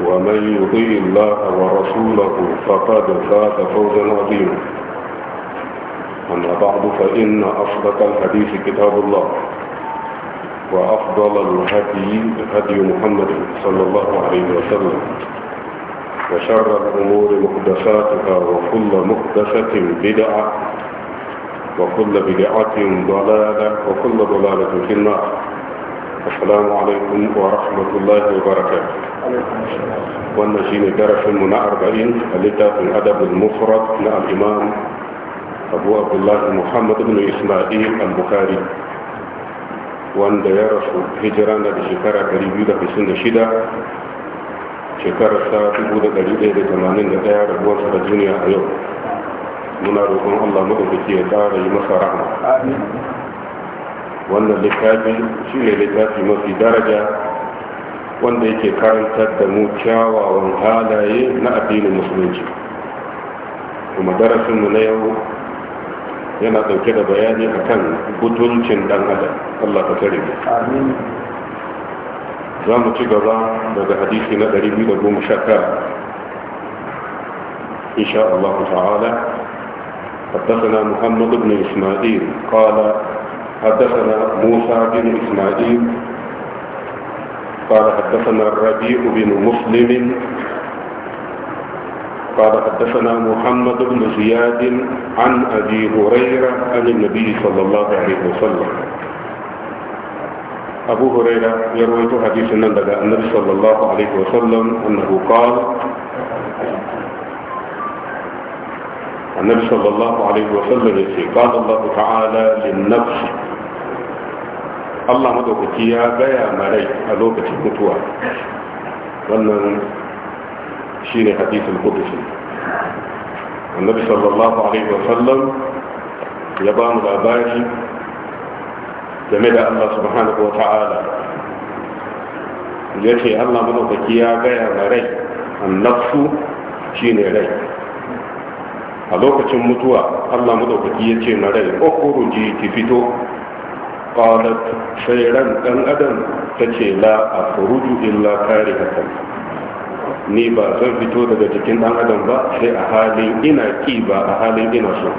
ومن يطيع الله ورسوله فقد فاز فوزا عظيما أما بعد فإن أصدق الحديث كتاب الله وأفضل الهدي هدي محمد صلى الله عليه وسلم وشر الأمور محدثاتها وكل محدثة بدعة وكل بدعة ضلالة وكل ضلالة في النار السلام عليكم ورحمة الله وبركاته والنشين جرف من أربعين في الأدب المفرد مع الإمام أبو عبد الله محمد بن إسماعيل البخاري وان يرف هجران بشكرة قريبية في سن شدة شكرة ساعتي بودة في لتمانين دائرة بوصف الدنيا اليوم من أرغم الله مدفتي تعالى يمسى رحمه آمين wannan littafi shi ne littafi mafi daraja wanda yake karantar da mu kyawawan halaye na addinin musulunci kuma darasinmu na yau yana dauke da bayani akan butuncin dan adam Allah ka tare mu amin za mu ci gaba daga hadisi na 219 insha Allah ta'ala حدثنا محمد بن إسماعيل قال حدثنا موسى بن إسماعيل قال حدثنا الربيع بن مسلم قال حدثنا محمد بن زياد عن أبي هريرة عن النبي صلى الله عليه وسلم أبو هريرة يروي حديث عن النبي صلى الله عليه وسلم أنه قال النبي صلى الله عليه وسلم قال الله تعالى للنفس Allah madaukaki ya gaya marai a lokacin mutuwa wannan shi ne hadisul kudusi annabi sallallahu alaihi wasallam ya ba mu labari game da Allah subhanahu wa ta'ala ya ce Allah madaukaki ya gaya marai annafsu shi ne rai a lokacin mutuwa Allah madaukaki ya ce marai okuruji ki fito qalat sai ran dan adam tace la akhruju illa karihatan ni ba zan fito daga jikin dan adam ba sai a halin ina ki ba a halin ina so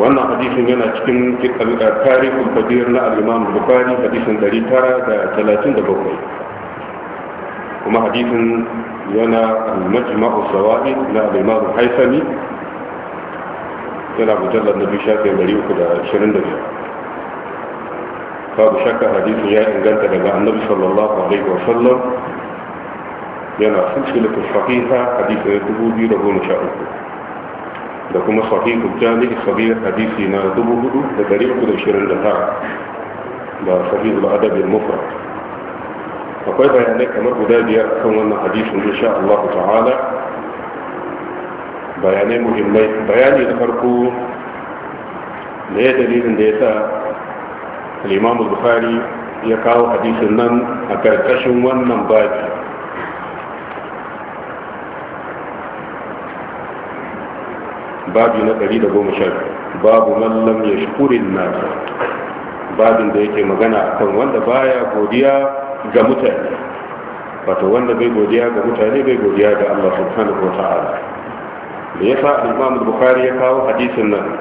wannan hadisin yana cikin tarihin kabir na al-imam bukhari hadisin 937 kuma hadisin yana al-majma'u sawa'i na al-imam haisami yana mujallar na biyu shafi 325 babu shakka hadisin ya inganta daga annabi sallallahu alaihi wa sallam yana silsilatu sahiha hadisi na 2013 da da kuma sahihul jami'i sabir hadisi na dubu 4329 da da sahihul adabi al-mufrad akwai bayanai kamar guda biyar kan wannan hadisin insha Allah ta'ala bayanai muhimmai bayani na farko da ya dalilin da ya sa limamu Buhari ya kawo hadisin nan a karkashin wannan baki babi na 110 babu mallam ya shukurin nasa babin da yake magana kan wanda baya godiya ga mutane wato wanda bai godiya ga mutane bai godiya ga Allah subhanahu wa ta'ala da yasa al-imam bukhari ya kawo hadisin nan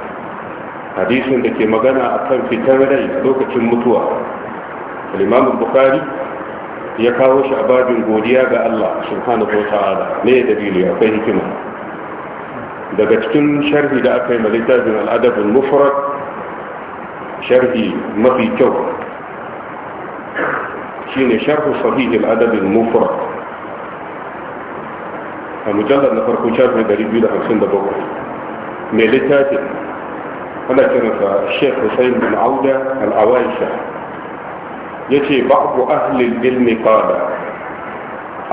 hadisin da ke magana akan fitar rai lokacin mutuwa al-imam bukhari ya kawo shi a babin godiya ga Allah subhanahu wata'ala ne dalili akwai hikima daga cikin sharhi da aka yi na littafin al'adabin mufrad sharhi mafi kyau shine sharhu sahih al'adabin mufrad a mujallar na farko shafin 257 mai littafin ana kiransa sheikh hussein bin auda al'awaisha ya ce ba'abu ahlil ilmi qala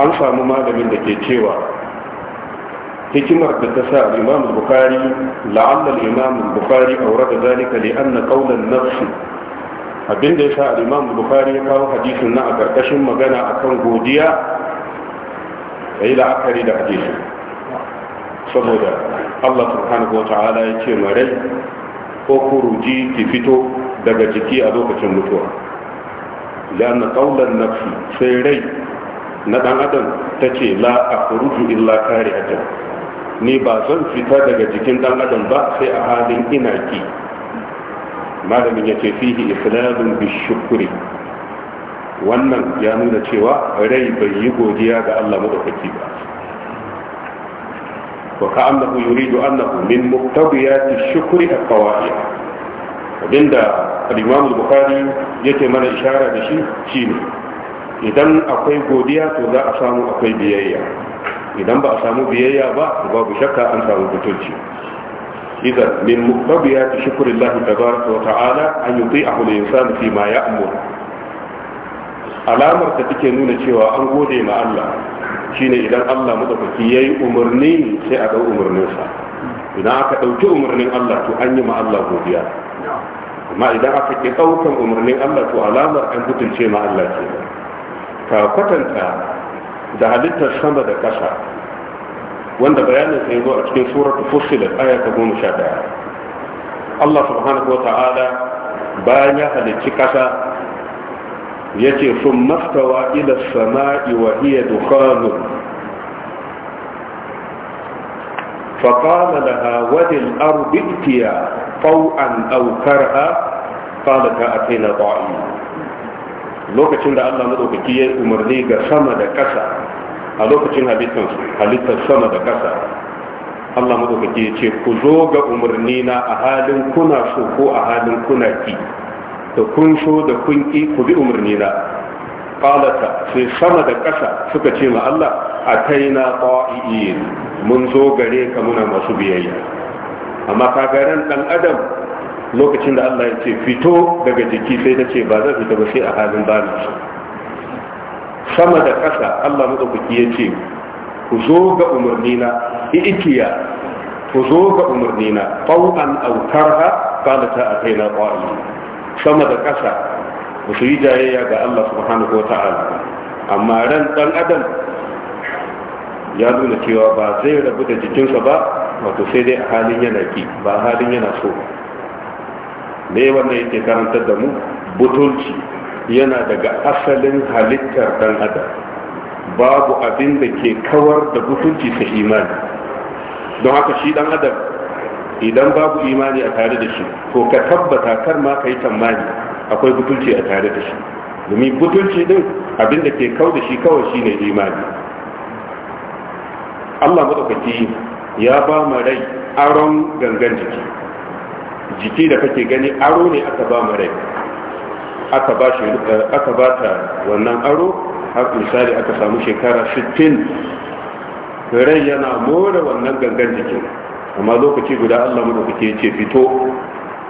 an samu malamin da ke cewa hikimar da ta sa imam bukari la'alla imam bukari aure da zalika li na qawlan nafsi abinda ya sa imam bukari ya kawo hadisin na a ƙarƙashin magana akan godiya ka yi la'akari da hadisi saboda Allah subhanahu wa ta'ala ya ce rai ko kuruji ki fito daga jiki a lokacin mutuwa lan kaulan nafsi sai rai na dan adam tace ce la akhruju illa kari'atan ni ba zan fita daga jikin dan adam ba sai a halin ina ki malamin ya ce fihi bi bishukuri wannan ya nuna cewa rai bai yi godiya ga Allah madaukaki ba wa ka'annahu yuridu annahu min muqtadiyati shukri al-fawaid abinda al-Imam al-Bukhari yake mana ishara da shi ne. idan akwai godiya to za a samu akwai biyayya idan ba a samu biyayya ba babu shakka an samu butulci idan min ya muqtadiyati shukuri, Allah tabaraka wa ta'ala an yi yuti'ahu al-insanu fi ma ya'mur alamar ta take nuna cewa an gode ma Allah shine idan Allah madaukaki yayi umarni sai a dau umarninsa idan aka dauki umarnin Allah to an yi ma Allah godiya amma idan aka ki daukan umarnin Allah to alamar an gutunce ma Allah ke ka kwatanta da halittar sama da kasa wanda bayanin sai zo a cikin suratul fussilat aya ta 11 Allah subhanahu wa ta'ala bayan ya halicci kasa yace sun mastawa ila sama'i wa iya hiya dukhanu فقال لها وللأرض ائتيا طوعا ha falaka a أتينا طائعين lokacin da Allah madaukaki ya umarni ga sama da ƙasa a lokacin halittar halittar sama da ƙasa Allah madaukaki ya ce ku zo ga umarni na a halin kuna so ko a halin kuna ki da kun so da kun ki ku bi umarni na qalata sai sama da ƙasa suka ce ma Allah ataina ta'iin mun zo gare ka muna masu biyayya amma ka ran dan adam lokacin da Allah ya ce fito daga jiki sai na ce ba za fita ba sai a halin bani sama da ƙasa Allah ku ya ce ku zo ga umarnina ikiya ku zo ga umarnina qaw'an aw karha qalata ataina ta'iin sama da ƙasa ba su yi jayayya ga Allah subhanahu wa ta'ala amma ran ɗan adam ya nuna cewa ba zai rabu da jikinsa ba wato sai dai a halin yana ki ba halin yana so ne wanda yake karantar da mu butulci yana daga asalin halittar ɗan adam babu abin da ke kawar da butulci sa imani don haka shi ɗan adam idan babu imani a tare da shi ko ka tabbata kar ma ka yi tambani akwai butulci a tare da shi domin butulci din abin da ke kau da shi kawai shine imani Allah madaukaki ya ba mu rai aron gangan jiki jiki da kake gani aro ne aka ba mu rai aka ba shi eh, aka ba ta wannan aro har misali aka samu shekara 60 rai yana more wannan gangan jikin amma lokaci guda Allah madaukake ya ce fito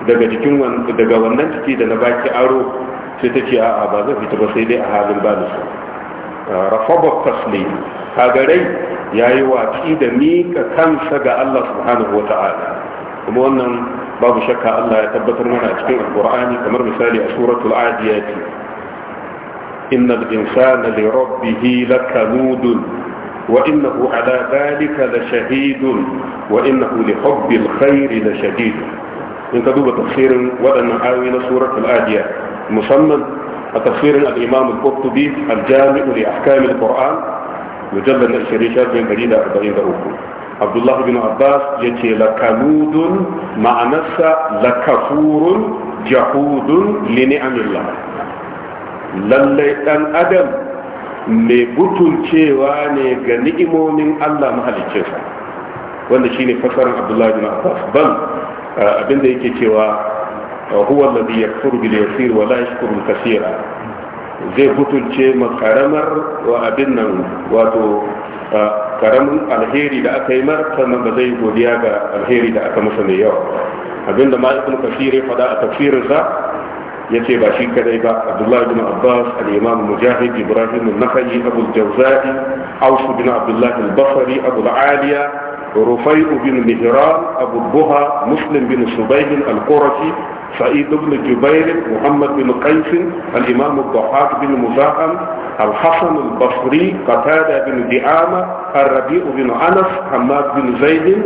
daga jikin daga wannan ciki da na baki aro sai ta ce a'a ba zai fita ba sai dai a halin balisu rafabar tasli kagarai ya yi watsi da mika kansa ga Allah subhanahu wa ta'ala kuma wannan babu shakka Allah ya tabbatar mana a cikin alkur'ani kamar misali a suratul adiyati innal insana li rabbihi lakanudun وإنه على ذلك لشهيد وإنه لحب الخير لشديد إن دوب تفسير ولن آوين سورة الاديه مصمم تفسير الإمام القرطبي الجامع لأحكام القرآن مجلد الشريشات من جديد أربعين عبد الله بن عباس يتي لكنود مع نفسه لكفور جحود لنعم الله للي أن أدم mai butulcewa ne ga ni'imomin Allah mahalicinsa wanda shi ne fasarar Abdullahi bin Abbas ban abinda yake cewa huwa alladhi yakfuru bil siri wa la yashkuru kasira zai butulce ma karamar wa abin nan wato karamin alheri da aka yi marta ma ba zai godiya ga alheri da aka masa mai yawa abinda ma ibn kasir ya faɗa a tafsirinsa يتي باشي كدي با عبد الله بن عباس الامام المجاهد ابراهيم النخي ابو الجوزاء اوس بن عبد الله البصري ابو العالية رفيع بن مهران ابو البها مسلم بن صبيح القرشي سعيد بن جبير محمد بن قيس الامام الضحاك بن مزاحم الحسن البصري قتادة بن دعامة الربيع بن انس حماد بن زيد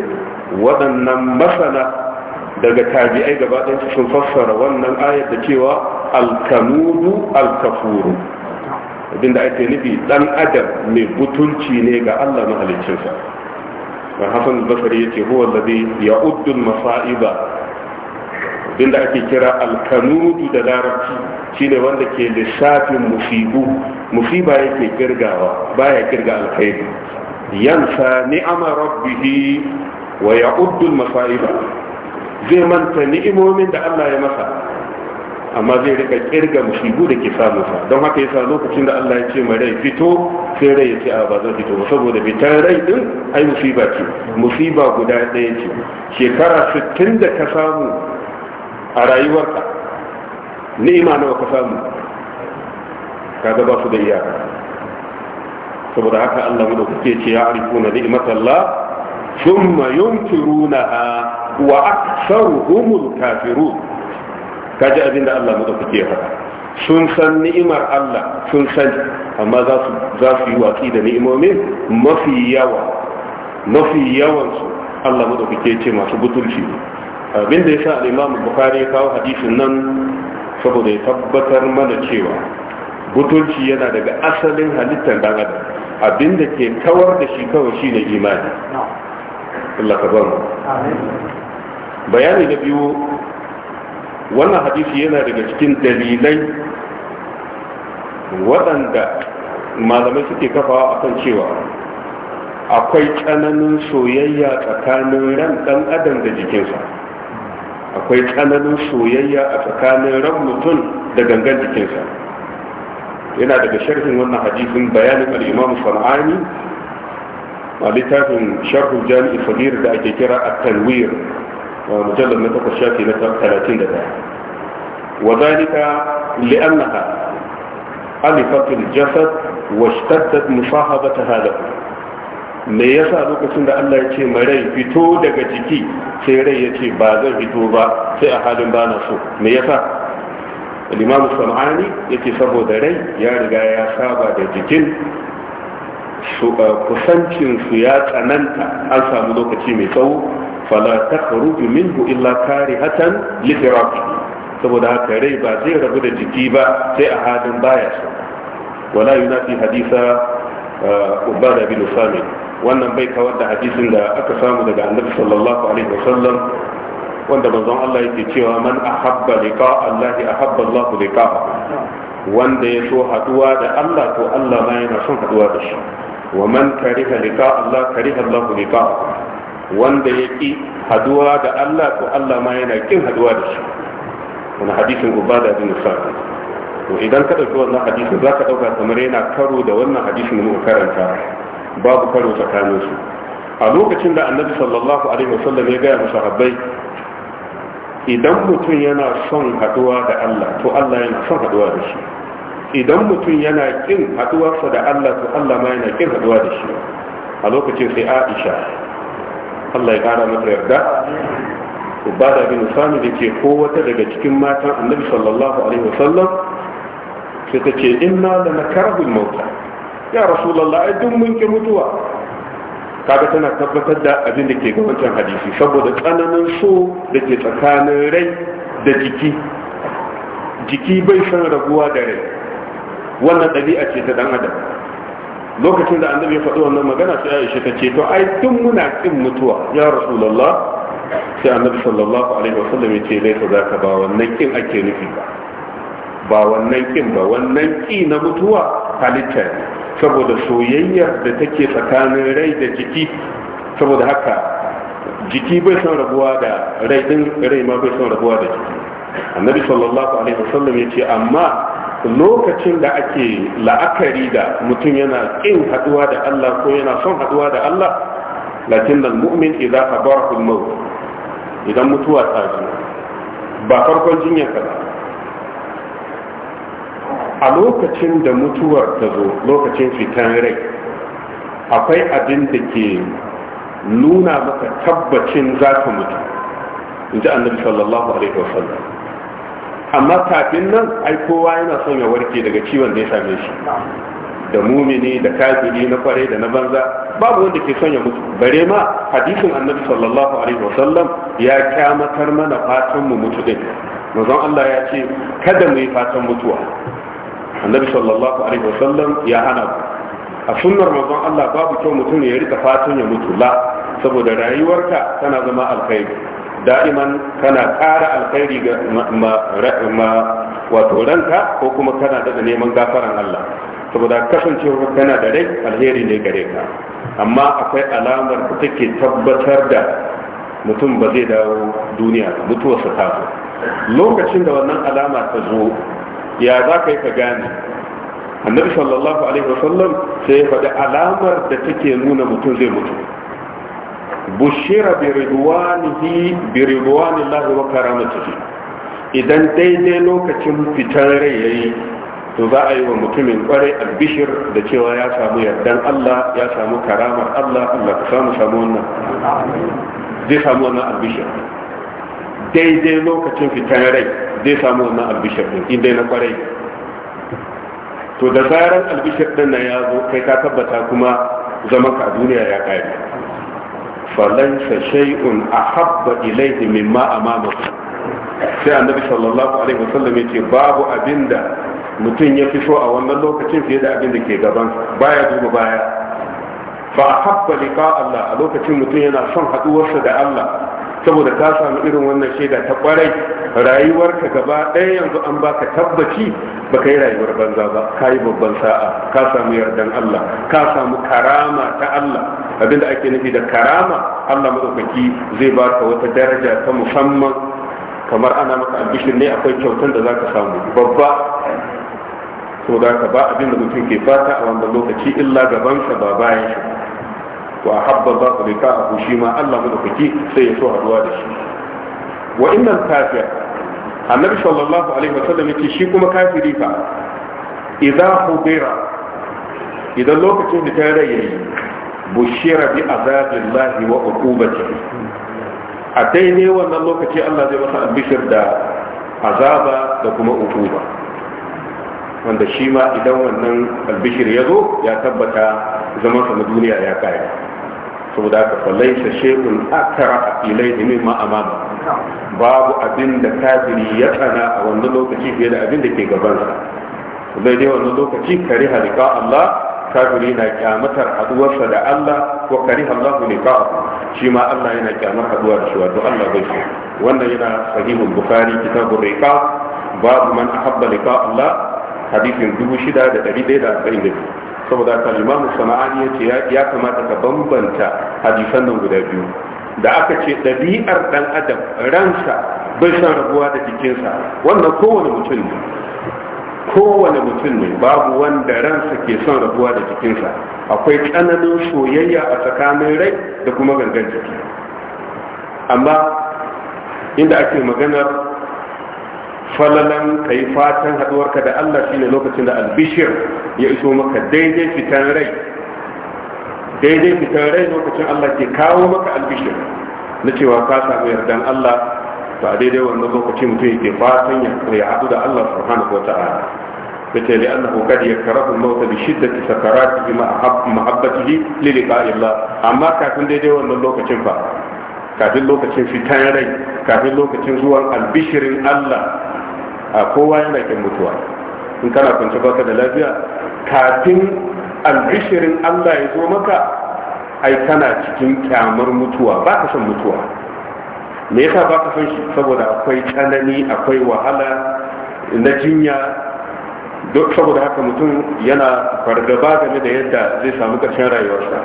ودن مثلا daga tabi'ai gaba ɗaya sun fassara wannan ayar da cewa alkanudu alkafuru abinda ake nufi dan adam mai butulci ne ga Allah mahaliccinsa dan Hassan al-Basri yace huwa alladhi ya'uddu al-masa'iba abinda ake kira alkanudu da larabci shine wanda ke lissafin musibu musiba yake girgawa baya girga alkhairi yansa ni'ama rabbihi wa ya'uddu al-masa'iba zai manta ni'imomin da Allah ya masa amma zai rika kirga mushigu da ke samu sa don haka yasa lokacin da Allah ya ce mai rai fito sai rai ya ce a ba fito ba saboda fitar rai din ai musiba ce musiba guda ɗaya ce shekara 60 da ka samu a rayuwarka ni'ima nawa ka samu kaga ba su da iyaka saboda haka Allah mu da kuke ce ya arifuna ni'matallah thumma yunkiruna wa humul kafiru? kaji abin da Allah madaukake ya faɗa sun san ni'imar Allah sun san amma za su yi watsi da ni'imomin mafi yawa mafi yawan su Allah madaukake ce masu butulci abin da yasa al-Imam Bukhari ya kawo hadisin nan saboda ya tabbatar mana cewa butulci yana daga asalin halittar dan adam abin da ke kawar da shi kawai shine imani Allah ka ba mu bayani na biyu wannan hadisi yana daga cikin dalilai waɗanda malamai suke kafawa akan cewa akwai tsananin soyayya tsakanin ran ɗan adam da jikinsa akwai tsananin soyayya a tsakanin ran mutum da gangan jikinsa yana daga sharhin wannan hadisin bayanin al'imamu sana'ani a littafin Sharhu, jami'i sabir da ake kira a tanwir mujallar na takwas shafi na talatin da daya wa zalika li'annaha alifatul jasad wa shtaddat me yasa lokacin da Allah ya ce rai fito daga jiki sai rai ya ce ba zan fito ba sai a halin ba na so me yasa sam'ani yake saboda rai ya riga ya saba da jikin kusancin su ya tsananta an samu lokaci mai tsawo fala takhruju minhu illa karihatan li saboda haka rai ba zai rabu da jiki ba sai a halin baya so wala yunafi hadisa uh, ubada bin sami wannan bai kawar da hadisin da aka samu daga annabi sallallahu alaihi wasallam wanda manzon Allah yake cewa man ahabba liqa Allah ahabba Allah liqa wanda ya so haduwa da Allah to Allah ma yana son haduwa da wa man Allah wanda ya ki haduwa da Allah ko Allah ma yana kin haduwa da shi wani hadisin ubada bin sa'ad to idan ka dauki wannan hadisin zaka dauka kamar yana karo da wannan hadisin da muka karanta babu karo tsakanin su a lokacin da annabi sallallahu alaihi wasallam ya ga sahabbai idan mutum yana son haduwa da Allah to Allah yana son haduwa da shi idan mutum yana kin haduwarsa da Allah to Allah ma yana kin haduwa da shi a lokacin sai Aisha Allah ya kara mata yarda ubada bin sami da ke ko wata daga cikin matan annabi sallallahu alaihi wasallam sai ta ce inna la nakarahul mauta ya rasulullah ai duk mun ki mutuwa kaga tana tabbatar da abin da ke ga hadisi saboda tsananin so da ke tsakanin rai da jiki jiki bai san raguwa da rai wannan ɗabi'a ce ta dan adam lokacin da annabi ya faɗi wannan magana sai Aisha ta ce to ai tun muna kin mutuwa ya rasulullah sai annabi sallallahu alaihi wasallam ya ce ka zaka ba wannan kin ake nufi ba ba wannan kin ba wannan ki na mutuwa halitta ne saboda soyayyar da take tsakanin rai da jiki saboda haka jiki bai son rabuwa da rai din rai ma bai son rabuwa da jiki annabi sallallahu alaihi wasallam ya ce amma lokacin da ake la'akari da mutum yana ƙin haɗuwa da Allah ko yana son haɗuwa da Allah lakin nan mu'min idan habara maut idan mutuwa ta zo ba farkon jinyar ka a lokacin da mutuwar ta zo lokacin fitan rai akwai abin da ke nuna maka tabbacin za ka mutu in ji annabi sallallahu alaihi wasallam amma kafin nan ai kowa yana son ya warke daga ciwon da ya same shi da mumini da kafiri na kwarai da na banza babu wanda ke son ya mutu bare ma hadisin annabi sallallahu alaihi wasallam ya kyamatar mana fatan mu mutu din manzon Allah ya ce kada mu yi fatan mutuwa annabi sallallahu alaihi wasallam ya hana a sunnar manzon Allah babu kyau mutum ya rika fatan ya mutu la saboda rayuwarka tana zama alkhairi da'iman kana ƙara alkhairi ga ma wato ranka ko kuma kana daga neman gafaran Allah saboda kasancewar kana da rai alheri ne gare ka amma akwai alamar da take tabbatar da mutum ba zai dawo duniya mutuwarsa ta zo lokacin da wannan alama ta zo ya za ka yi ka gane annabi sallallahu alaihi wasallam sai ya faɗi alamar da take nuna mutum zai mutu bushira bi ridwanihi bi ridwanillahi wa karamatihi idan daidai lokacin fitan rai yayi to za a yi wa mutumin kwarai albishir da cewa ya samu yardan Allah ya samu karamar Allah Allah ka samu samu wannan zai samu wannan albishir daidai lokacin fitan rai zai samu wannan albishir din inda na kware to da zarar albishir din na ya zo kai ka tabbata kuma zaman ka a duniya ya kare فليس شيء أحب إليه مما امامك sai annabi sallallahu alaihi wasallam ya ce babu abinda mutum ya fi so a wannan lokacin fiye da abinda ke gaban baya duba baya fa habba liqa Allah a lokacin mutum yana son haduwarsa da Allah saboda ka samu irin wannan shaida ta kwarai rayuwarka gaba ɗaya yanzu an baka tabbaci baka yi rayuwar banza ba ka yi babban sa'a ka samu yardan Allah ka samu karama ta Allah abinda ake nufi da karama Allah madaukaki zai ba ka wata daraja ta musamman kamar ana maka albishir ne akwai kyautar da za ka samu babba saboda ka ba abin da mutum ke fata a wannan lokaci illa gabansa ba bayan shi wa habba za su rika a shi ma Allah mu kake sai ya so haduwa da shi wa innan kafir annabi sallallahu alaihi wasallam yace shi kuma kafiri fa idza hubira idan lokacin da ta rayayi bushira bi azabillahi wa uqubatihi a ne wannan lokaci Allah zai masa albishir da azaba da kuma uquba wanda shi ma idan wannan albishir ya zo ya tabbata zaman sa na duniya ya kai saboda ka fallai sa shekun akara a filai da amama babu abin da kafiri ya tsana a wannan lokaci fiye da abin da ke gabansa zai dai wannan lokaci kari halika Allah kafiri na kyamatar haduwarsa da Allah ko kari Allah ne ka shi ma Allah yana kyamar haduwa da shi wato Allah bai shi wannan yana sahihul bukhari kitabur riqa babu man ahabba liqa Allah hadisin 6142 saboda haka limamu sana'ani ya ce ya kamata ka bambanta hadisan nan guda biyu da aka ce ɗabi'ar ɗan adam ransa bai san rabuwa da jikinsa wannan kowane mutum ne kowane mutum ne babu wanda ransa ke son rabuwa da jikinsa akwai tsananin soyayya a tsakanin rai da kuma gangan jiki amma inda ake maganar falalan ka yi fatan haɗuwarka da Allah shine lokacin da albishir ya iso maka daidai fitan rai daidai fitan rai lokacin Allah ke kawo maka albishir na cewa ka samu yardan Allah ba daidai wannan lokacin mutum yake fatan ya haɗu da Allah subhanahu wa ta'ala yace li annahu kad yakrahu al-maut bi shiddati sakaratihi ma mahabbatihi li liqa'i Allah amma kafin daidai wannan lokacin fa kafin lokacin fitan rai kafin lokacin zuwan albishirin Allah a kowa yana kin mutuwa in kana kwance baka da lafiya kafin albishirin Allah ya zo maka ai kana cikin kyamar mutuwa ba ka son mutuwa me yasa ba ka son shi saboda akwai tsanani akwai wahala na jinya duk saboda haka mutum yana fargaba game da yadda zai samu ƙarshen rayuwarsa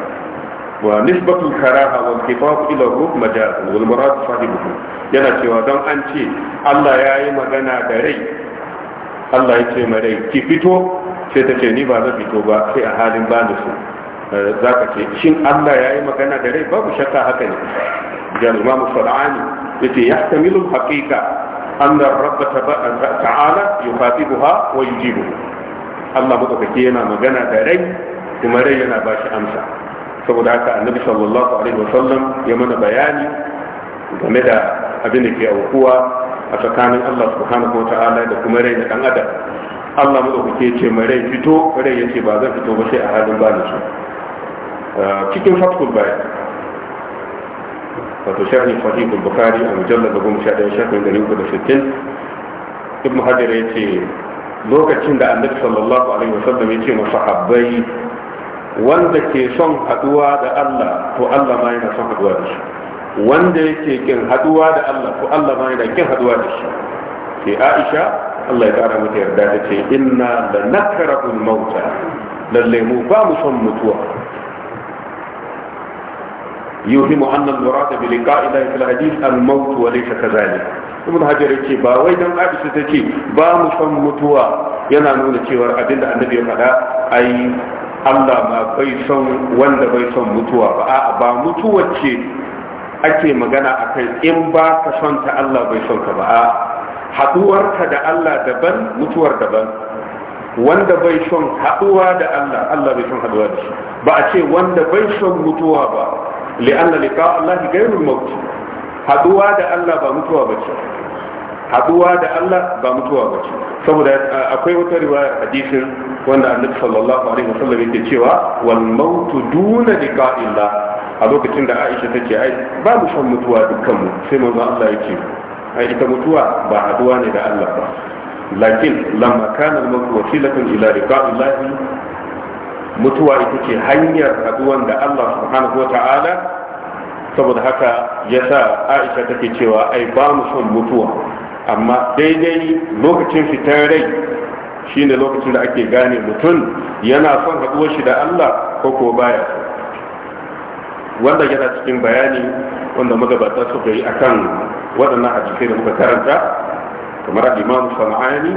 ونسبة الكراهة والخطاب إلى الروح مجاز والمراد صاحبه يانا سوى دون أنتي الله يا إما غنى داري الله يتي مري كي فيتو سيتكي نبا نبيتو في أحال بانسو آه، ذاك شين الله يا إما غنى داري بابو شكا حقني جان الإمام الصدعاني يتي يحتمل الحقيقة أن الرب تعالى يخاطبها ويجيبه الله متوكي يانا مغنى داري kuma rai yana ba saboda haka annabi sallallahu alaihi wa sallam ya mana bayani game da abin da ke aukuwa a tsakanin Allah subhanahu wa ta'ala da kuma rai da dan adam Allah ke ce mai rai fito rai yace ba zan fito ba sai a halin ba ni ah, cikin fatkul bayan wato shafin fatihul Bukhari, a mujallar da goma sha ɗaya shafin ɗari da sittin ibn hajar ya ce lokacin da annabi sallallahu alaihi sallam ya ce masahabbai wanda ke son haduwa da Allah to Allah ma yana son haduwa da shi wanda yake kin haduwa da Allah to Allah ma yana kin haduwa da shi sai Aisha Allah ya kara mata yarda ta ce inna la nakrahul mauta lalle mu ba mu son mutuwa yuhimu anna al-murad bi liqa'i la fil hadith al-maut wa laysa kadhalik ibn hajar yace ba wai dan Aisha tace ba mu son mutuwa yana nuna cewa abinda annabi ya faɗa ai Allah ba bai son wanda bai son mutuwa ba a'a ba mutuwar ce ake magana kan in ba ka son ta Allah bai son ka ba a'a ka da Allah daban mutuwar daban wanda bai son haduwa da Allah Allah bai son haduwa da shi ba a ce wanda bai son mutuwa ba li'alla liqa Allah gairu maut haduwa da Allah ba mutuwa bace haduwa da Allah ba mutuwa bace saboda akwai wata riwaya hadisin wanda annabi sallallahu alaihi wasallam yake cewa wal mautu duna liqa'illah a lokacin da Aisha tace ai ba mu san mutuwa dukkan mu sai manzo Allah yake ai ita mutuwa ba haduwa ne da Allah ba lakin lamma kana al mautu wasilatan ila liqa'illah mutuwa ita ce hanyar haduwan da Allah subhanahu wa ta'ala saboda haka yasa Aisha take cewa ai ba mu san mutuwa amma daidai lokacin fitar rai ne lokacin da ake gane mutum yana son haɗuwar shi da Allah ko ko baya wanda yana cikin bayani wanda magabata suka yi a kan waɗannan a cikin da muka karanta kamar al'imam imam Sana'ani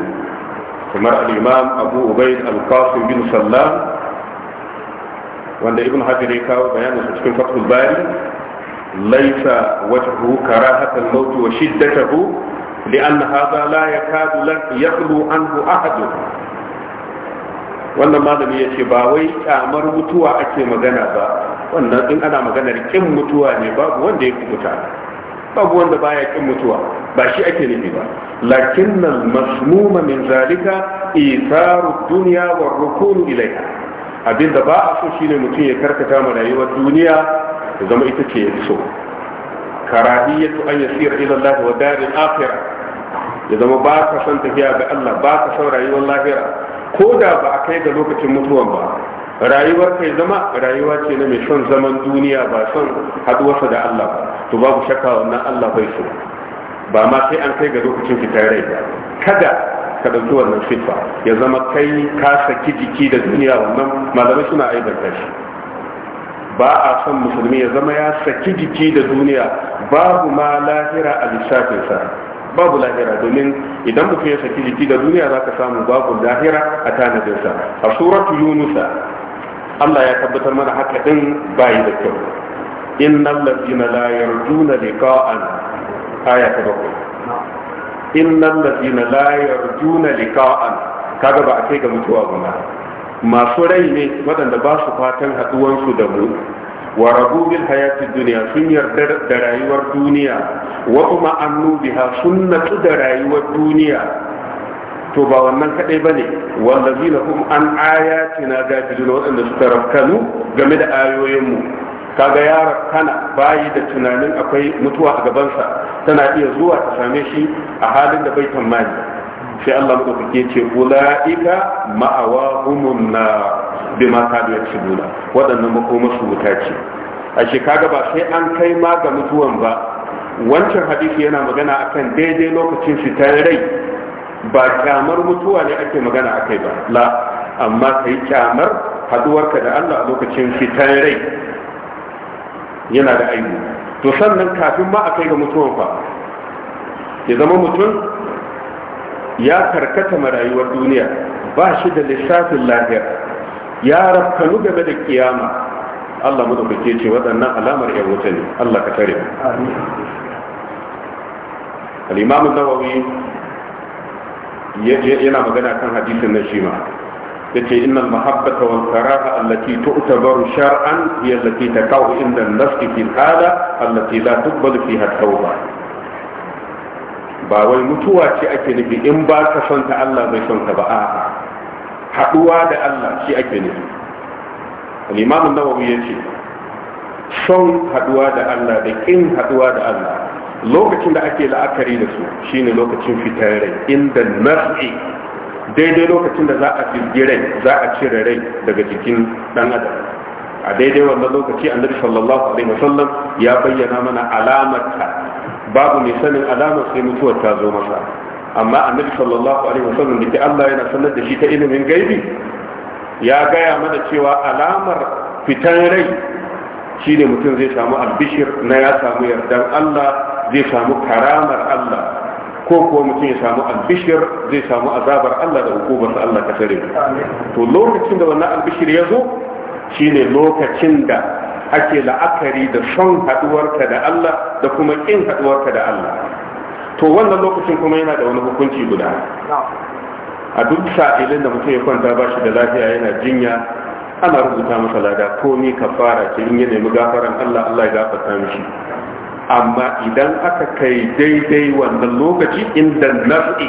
kamar al'imam Abu ubai al bin Sallam wanda Ibn Hajar ya kawo bayanin su cikin fatul Bari laisa hukara karahatan mawt wa hu. لأن هذا لا يكاد يخلو عنه أحد wannan malami ya ce ba wai kyamar mutuwa ake magana ba wannan in ana maganar kin mutuwa ne babu wanda ya kubuta babu wanda baya kin mutuwa ba shi ake nufi ba nan masmuma min zalika isaru dunya wa rukunu ilaiha abinda ba a so shine mutum ya karkata ma rayuwar duniya ya zama ita ce ya so karahiyatu an yasira ila Allah wa daril akhirah ya zama ba ka son tafiya ga Allah ba ka son rayuwar lahira ko da ba a kai ga lokacin mutuwan ba rayuwar kai zama rayuwa ce na mai son zaman duniya ba son haduwarsa da Allah ba to babu shakka wannan Allah bai so ba ma sai an kai ga lokacin fitar rai ba kada ka ɗauki wannan sifa ya zama kai ka saki jiki da duniya wannan malamai suna aibanta shi ba a son musulmi ya zama ya saki jiki da duniya babu ma lahira a lissafinsa babu lahira domin idan mutum ya saki jiki da duniya za ka samu babu lahira a tanadinsa a suratu yunusa Allah ya tabbatar mana haka din bayi da kyau innal ladina la yarjuna liqa'an aya ta bakwai innal ladina la yarjuna liqa'an kaga ba a kai ga mutuwa ba masu rai ne waɗanda ba su fatan haɗuwansu da mu wa rabu bil hayatid dunya sun yarda da rayuwar duniya wa kuma annu biha da rayuwar duniya to ba wannan kadai bane wallazina hum an ayatina na waɗanda suka rafkanu game da ayoyinmu kaga yara kana bayi da tunanin akwai mutuwa a gabansa tana iya zuwa ta same shi a halin da bai tamani sai Allah madaukake ce ulaika ma'awahumun nar bima ka ya ci duna waɗannan makomasu wuta ce a kaga ba sai an kai ma ga mutuwan ba wancan hadisi yana magana akan daidai lokacin fitar rai ba kyamar mutuwa ne ake magana akai ba la amma yi kyamar haduwarka da Allah a lokacin fitar rai yana da aibu to sannan kafin ma akai ga mutuwan fa ya zama mutum ya karkata marayuwar duniya ba shi da lissafin lahira ya rafkanu game da kiyama Allah madaukake ce waɗannan alamar yan wuta ne Allah ka tare al nawawi yana magana kan hadisin na shi ma yace innal mahabbata wal karaha allati tu'tabaru shar'an hiya ta kawo inda an-nafs tsada. al za allati la tuqbalu fiha ba. ba wai mutuwa ce ake nufi in ba ka son ta Allah bai son ta ba haɗuwa da Allah shi ake nufi al imamu nawawi yace son haɗuwa da Allah da kin haɗuwa da Allah lokacin da ake la'akari da su shine lokacin fitar rai inda naf'i daidai lokacin da za a fi rai za a cire rai daga jikin dan adam a daidai wannan lokaci annabi sallallahu alaihi wasallam ya bayyana mana alamarta babu mai sanin alamar sai mutuwar ta zo masa amma annabi sallallahu alaihi wasallam da ke Allah yana sanar da shi ta ilimin gaibi ya gaya mana cewa alamar fitan rai shine mutum zai samu albishir na ya samu yardan Allah zai samu karamar Allah ko kuwa mutum ya samu albishir zai samu azabar Allah da hukubarsa Allah ka to lokacin da wannan albishir ya zo shine lokacin da ake la'akari da son haduwarka da Allah da kuma kin haduwarka da Allah to wannan lokacin kuma yana da wani hukunci guda a duk sa'ilin da mutum ya kwanta ba shi da lafiya yana jinya ana rubuta masa lada ko ni ka fara, ce in ya nemi gafaran Allah Allah ya gafarta mishi amma idan aka kai daidai wannan lokaci inda naf'i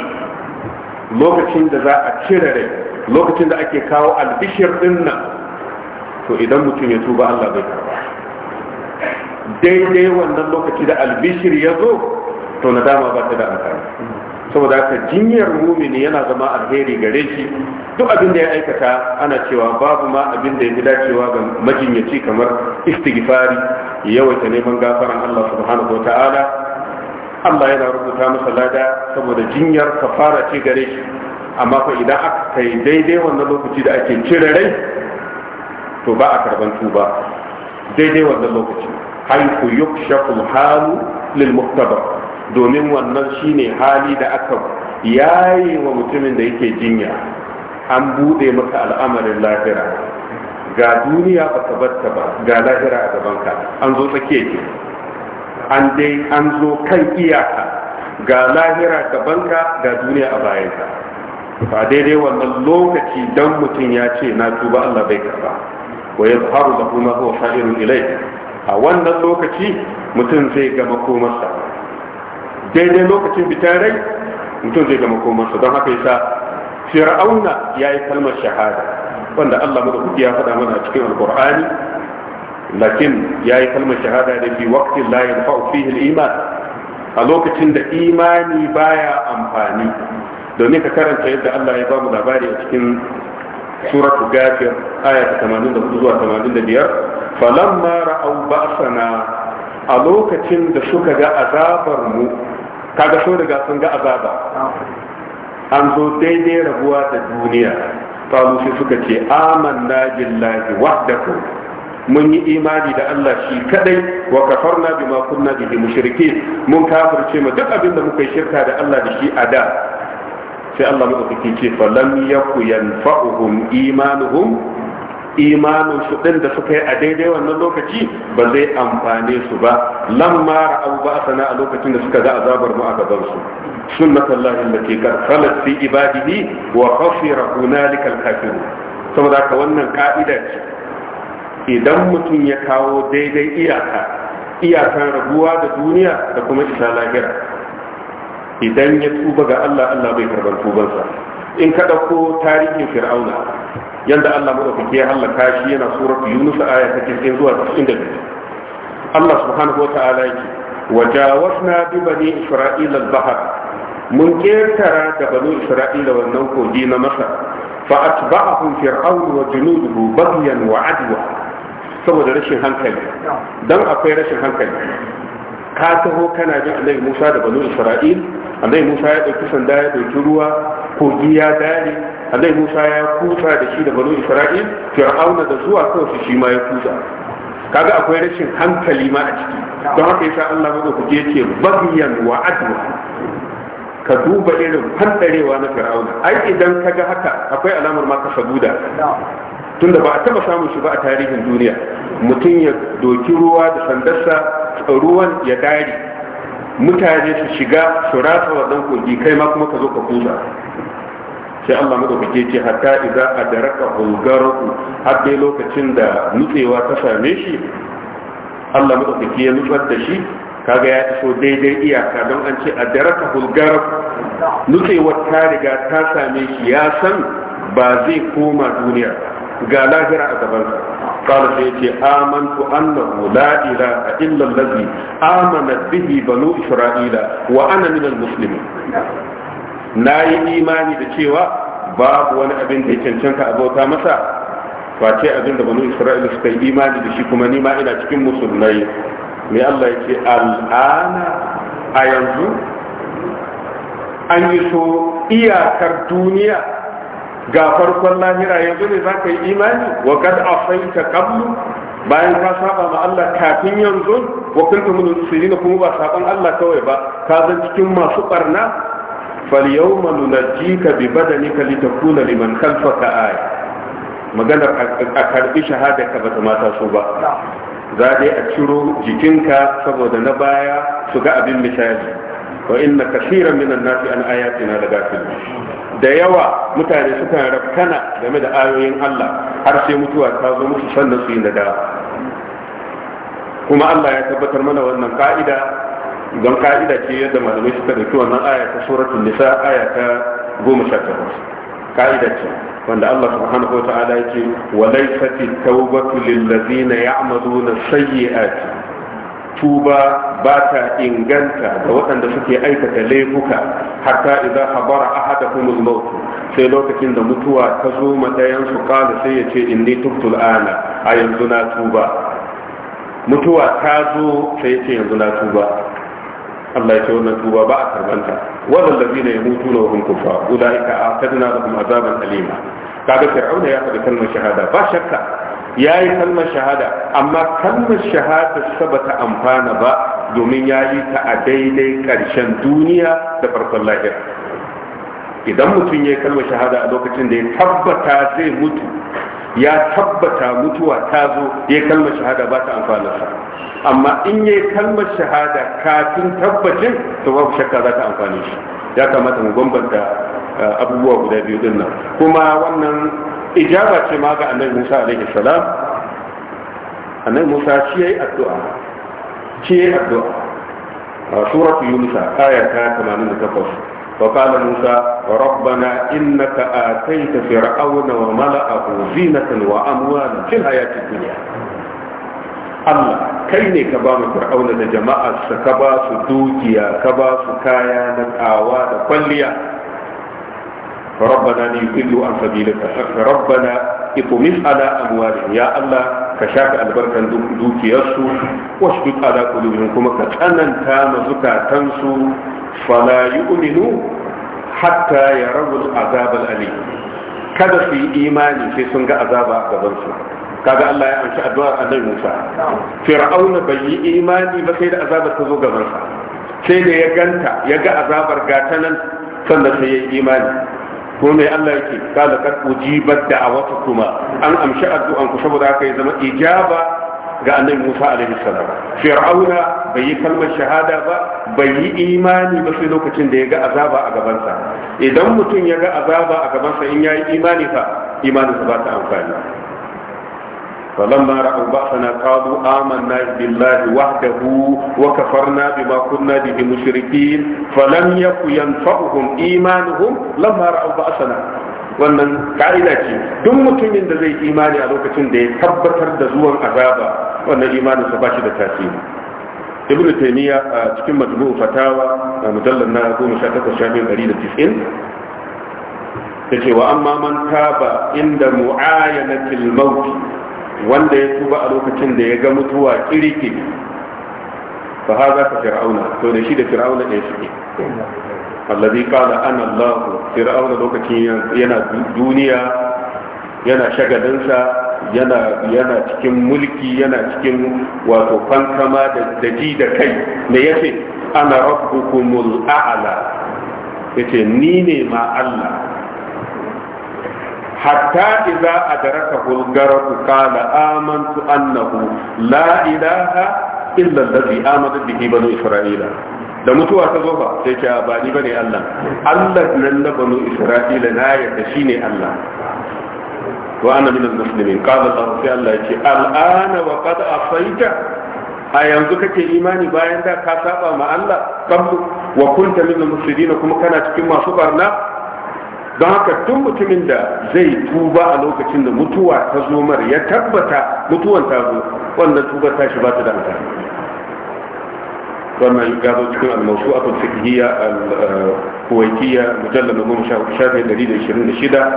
lokacin da za a cire rai lokacin da ake kawo albishir din nan to idan mutum ya tuba Allah bai karba daidai wannan lokaci da albishir ya zo to nadama ba ta da amfani saboda haka jinyar mumini yana zama alheri gare shi duk abin da ya aikata ana cewa babu ma abin da ya fi dacewa ga majinyaci kamar istighfari yawaita neman gafaran Allah subhanahu wa ta'ala Allah yana rubuta masa lada saboda jinyar kafara ce gare shi amma fa idan aka kai daidai wannan lokaci da ake cire rai to ba a karban tuba daidai wannan lokaci haiku yukshafu halu lil muhtabar domin wannan shine hali da aka yayi wa mutumin da yake jinya an bude maka al'amarin lahira ga duniya baka batta ba ga lahira a gabanka an zo tsake ki an dai an zo kan iyaka ga lahira gabanka ga duniya a bayanka ba daidai wannan lokaci don mutum ya ce na tuba Allah bai karba wa yadhharu da kuma ko sha'irun ilai? a wannan lokaci mutum zai gama komarsa. daidai lokacin fitan rai mutum zai ga makomarsa don haka yasa fir'auna ya yi kalmar shahada wanda Allah madaukaki ya faɗa mana a cikin alkur'ani lakin ya yi kalmar shahada da fi waqtin layin yanfa'u fihi al-iman a lokacin da imani baya amfani domin ka karanta yadda Allah ya mu labari a cikin suratu gafir aya ta 84 zuwa 85 falamma ra'aw ba'sana a lokacin da suka ga azabar mu kaga so daga sun ga azaba an zo daidai rabuwa da duniya kawo sai suka ce amanna billahi Wahdaku. mun yi imani da Allah shi kadai wa kafarna bima kunna mu mushrikeen mun kafirce mu duk abin da muka yi shirka da Allah da shi a da sai Allah madaukaki ce fa lam yaku yanfa'uhum imanuhum imanin su din da suka yi a daidai wannan lokaci ba zai amfane su ba lamma ra'au ba sana a lokacin da suka ga azabar mu a gaban su sunnatullahi allati qad khalat fi ibadihi wa khasira hunalika kafirun saboda ka wannan ka'ida ce idan mutum ya kawo daidai iyaka iyakan rabuwa da duniya da kuma isa lahira idan ya tuba ga Allah Allah bai karbar tubansa in ka ɗauko tarihin fir'auna yadda Allah madaukake ya hallaka shi yana surar yunus aya ta 90 zuwa biyu. Allah subhanahu wa ta'ala yake wa jawasna bi bani isra'ila al-bahr mun ketara da bani isra'ila wannan kogi na masa fa atba'ahum fir'aun wa junuduhu baghyan wa adwa saboda rashin hankali dan akwai rashin hankali ka taho kana jin annabi Musa da bani Isra'il annabi musa ya ɗauki sanda ya ɗauki ruwa kogi ya dare annabi musa ya kusa da shi da banu isra'il fir'auna da zuwa kansu shi ma ya kusa kaga akwai rashin hankali ma a ciki don haka yasa Allah madaukaki ce bagiyan wa adwa ka duba irin fandarewa na fir'auna ai idan ka ga haka akwai alamar ma ka saboda tunda ba a taba samun shi ba a tarihin duniya mutum ya doki ruwa da sandarsa ruwan ya dare mutane su shiga su rasa wannan kogi kai ma kuma ka zo ka kusa sai Allah kuke ce hatta idza adraka hulgaraku har dai lokacin da nutsewa ta same shi Allah kuke ya nutsar da shi kaga ya iso daidai iyaka don an ce adraka hulgaru nutsewar ta riga ta same shi ya san ba zai koma duniya ga lahira a gabansa قال سيتي آمنت أنه لا إله إلا الذي آمنت به بنو إسرائيل وأنا من المسلمين ناي إيماني بشيوة باب وانا أبن دي تنشنك أبوتا مسا فأتي أبن بنو إسرائيل سكي إيماني بشيكم نيما إلى تكم مسلمين mai Allah ya ce al'ana a yanzu an yi so iyakar duniya ga farkon lahira yanzu ne za ka yi imani wa kad ka qablu bayan ka saba ma Allah kafin yanzu wa kuntum min al-musirin kuma ba saban Allah kawai ba ka zan cikin masu barna fal yawma nunajjika bi badanika litakuna liman khalfaka aya maganar a karbi shahada ka bata mata su ba za dai a ciro jikinka saboda na baya su ga abin misali wa inna kaseeran minan nasi an ayatina lagafilun da yawa mutane suka rafkana game da ayoyin Allah har sai mutuwa ta zo musu sannan su yi dawa. kuma Allah ya tabbatar mana wannan ka'ida don ka'ida ce yadda malamai suka dauki wannan aya ta suratul nisa aya ta 18 ka'ida ce wanda Allah subhanahu wata'ala yake wa laysat at-tawbatu lil ladina ya'maluna sayyi'ati tuba ba ta inganta da waɗanda suke aikata laifuka hatta idan habara ahadakumul maut sai lokacin da mutuwa ta zo ma ɗayan su kala sai ya ce inni tubtul ana a yanzu na tuba mutuwa ta zo sai ya ce yanzu na tuba Allah ya ce wannan tuba ba a karbanta wannan ne ya mutu na wurin kufa ulaika a tadna lahum azaban alima kaga fir'auna ya faɗi kalmar shahada ba shakka ya yi kalmar shahada amma kalmar shahada ba ta amfana ba domin ya yi ta a daidai karshen duniya da farkon lahira idan mutum ya yi kalmar shahada a lokacin da ya tabbata zai mutu ya tabbata mutuwa ta zo ya yi kalmar shahada ba ta amfana sa amma in ya yi kalmar shahada kafin tabbacin to babu shakka za ta amfani shi ya kamata mu bambanta eh, abubuwa guda biyu din kuma wannan ijaba ce ma ga annabi Musa alaihi salam annabi Musa shi yayi addu'a shi yayi addu'a a suratu Yunus aya ta 88 rabbana innaka ataita fir'auna wa mala'ahu zinatan wa وأموالا fil الحياة dunya Allah kai ne ka ba mu fir'auna da jama'arsa ka ba su dukiya ka ba su kaya na kawa da kwalliya فربنا ليضلوا عن سبيلك ربنا اطمس على اموالهم يا الله كشاك البركة دوك يسو واشدد على قلوبهم كما كتنن تام زكاتنسو فلا يؤمنوا حتى يروا العذاب الأليم kada su yi imani sai sun ga azaba a gabansu kaga Allah ya amshi addu'ar Annabi Musa Fir'auna bai yi imani ba sai da azabar ta zo gabansa sai da ya ganta ya ga azabar gata nan sannan sai ya yi imani ko mai Allah yake da a wata kuma an amshi addu'an ku saboda haka ya zama ijaba ga annabi Musa alaihi salam fir'auna bai yi kalmar shahada ba bai yi imani ba sai lokacin da ya ga azaba a gabansa idan mutum ya ga azaba a gabansa in yayi imani fa sa ba ta amfani فلما رأوا بأسنا قالوا آمنا بالله وحده وكفرنا بما كنا به مشركين فلم يكن ينفعهم إيمانهم لما رأوا بأسنا wannan ka'ida ce duk mutumin da zai imani a lokacin da ya tabbatar da zuwan azaba wannan imaninsa ba shi da tasiri ibnu taymiya a cikin majmu'u fatawa a mujallal na 18 shafin 190 yace wa amma man taba inda mu'ayanatil mawt wanda ya tuba a lokacin da ya ga mutuwa ba fa haza ka fir'auna to da shi da fir'auna ɗaya suke allazi qala ana allah fir'auna lokacin yana duniya yana shagalinsa yana cikin mulki yana cikin wato fankama da ji da kai me yace ana rabbukumul a'la yace ni ne ma allah hatta idza adrakahu al-gharq qala amantu annahu la ilaha illa alladhi amanat bihi banu isra'ila da mutuwa ta zo ba sai ta ba ni bane Allah Allah nan na banu Isra'ila na yarda shine Allah wa ana minal muslimin qala Allah sai Allah ya ce. al'ana wa qad asaita a yanzu kake imani bayan da ka saba ma Allah kabbu wa kunta minal muslimin kuma kana cikin masu barna don haka tun mutumin da zai tuba a lokacin da mutuwa ta zo mar ya tabbata mutuwan ta zo wannan tuba ta shi ba ta da amfani wannan ya zo cikin almasu a fiqhiyya al-kuwaitiyya mujallal 10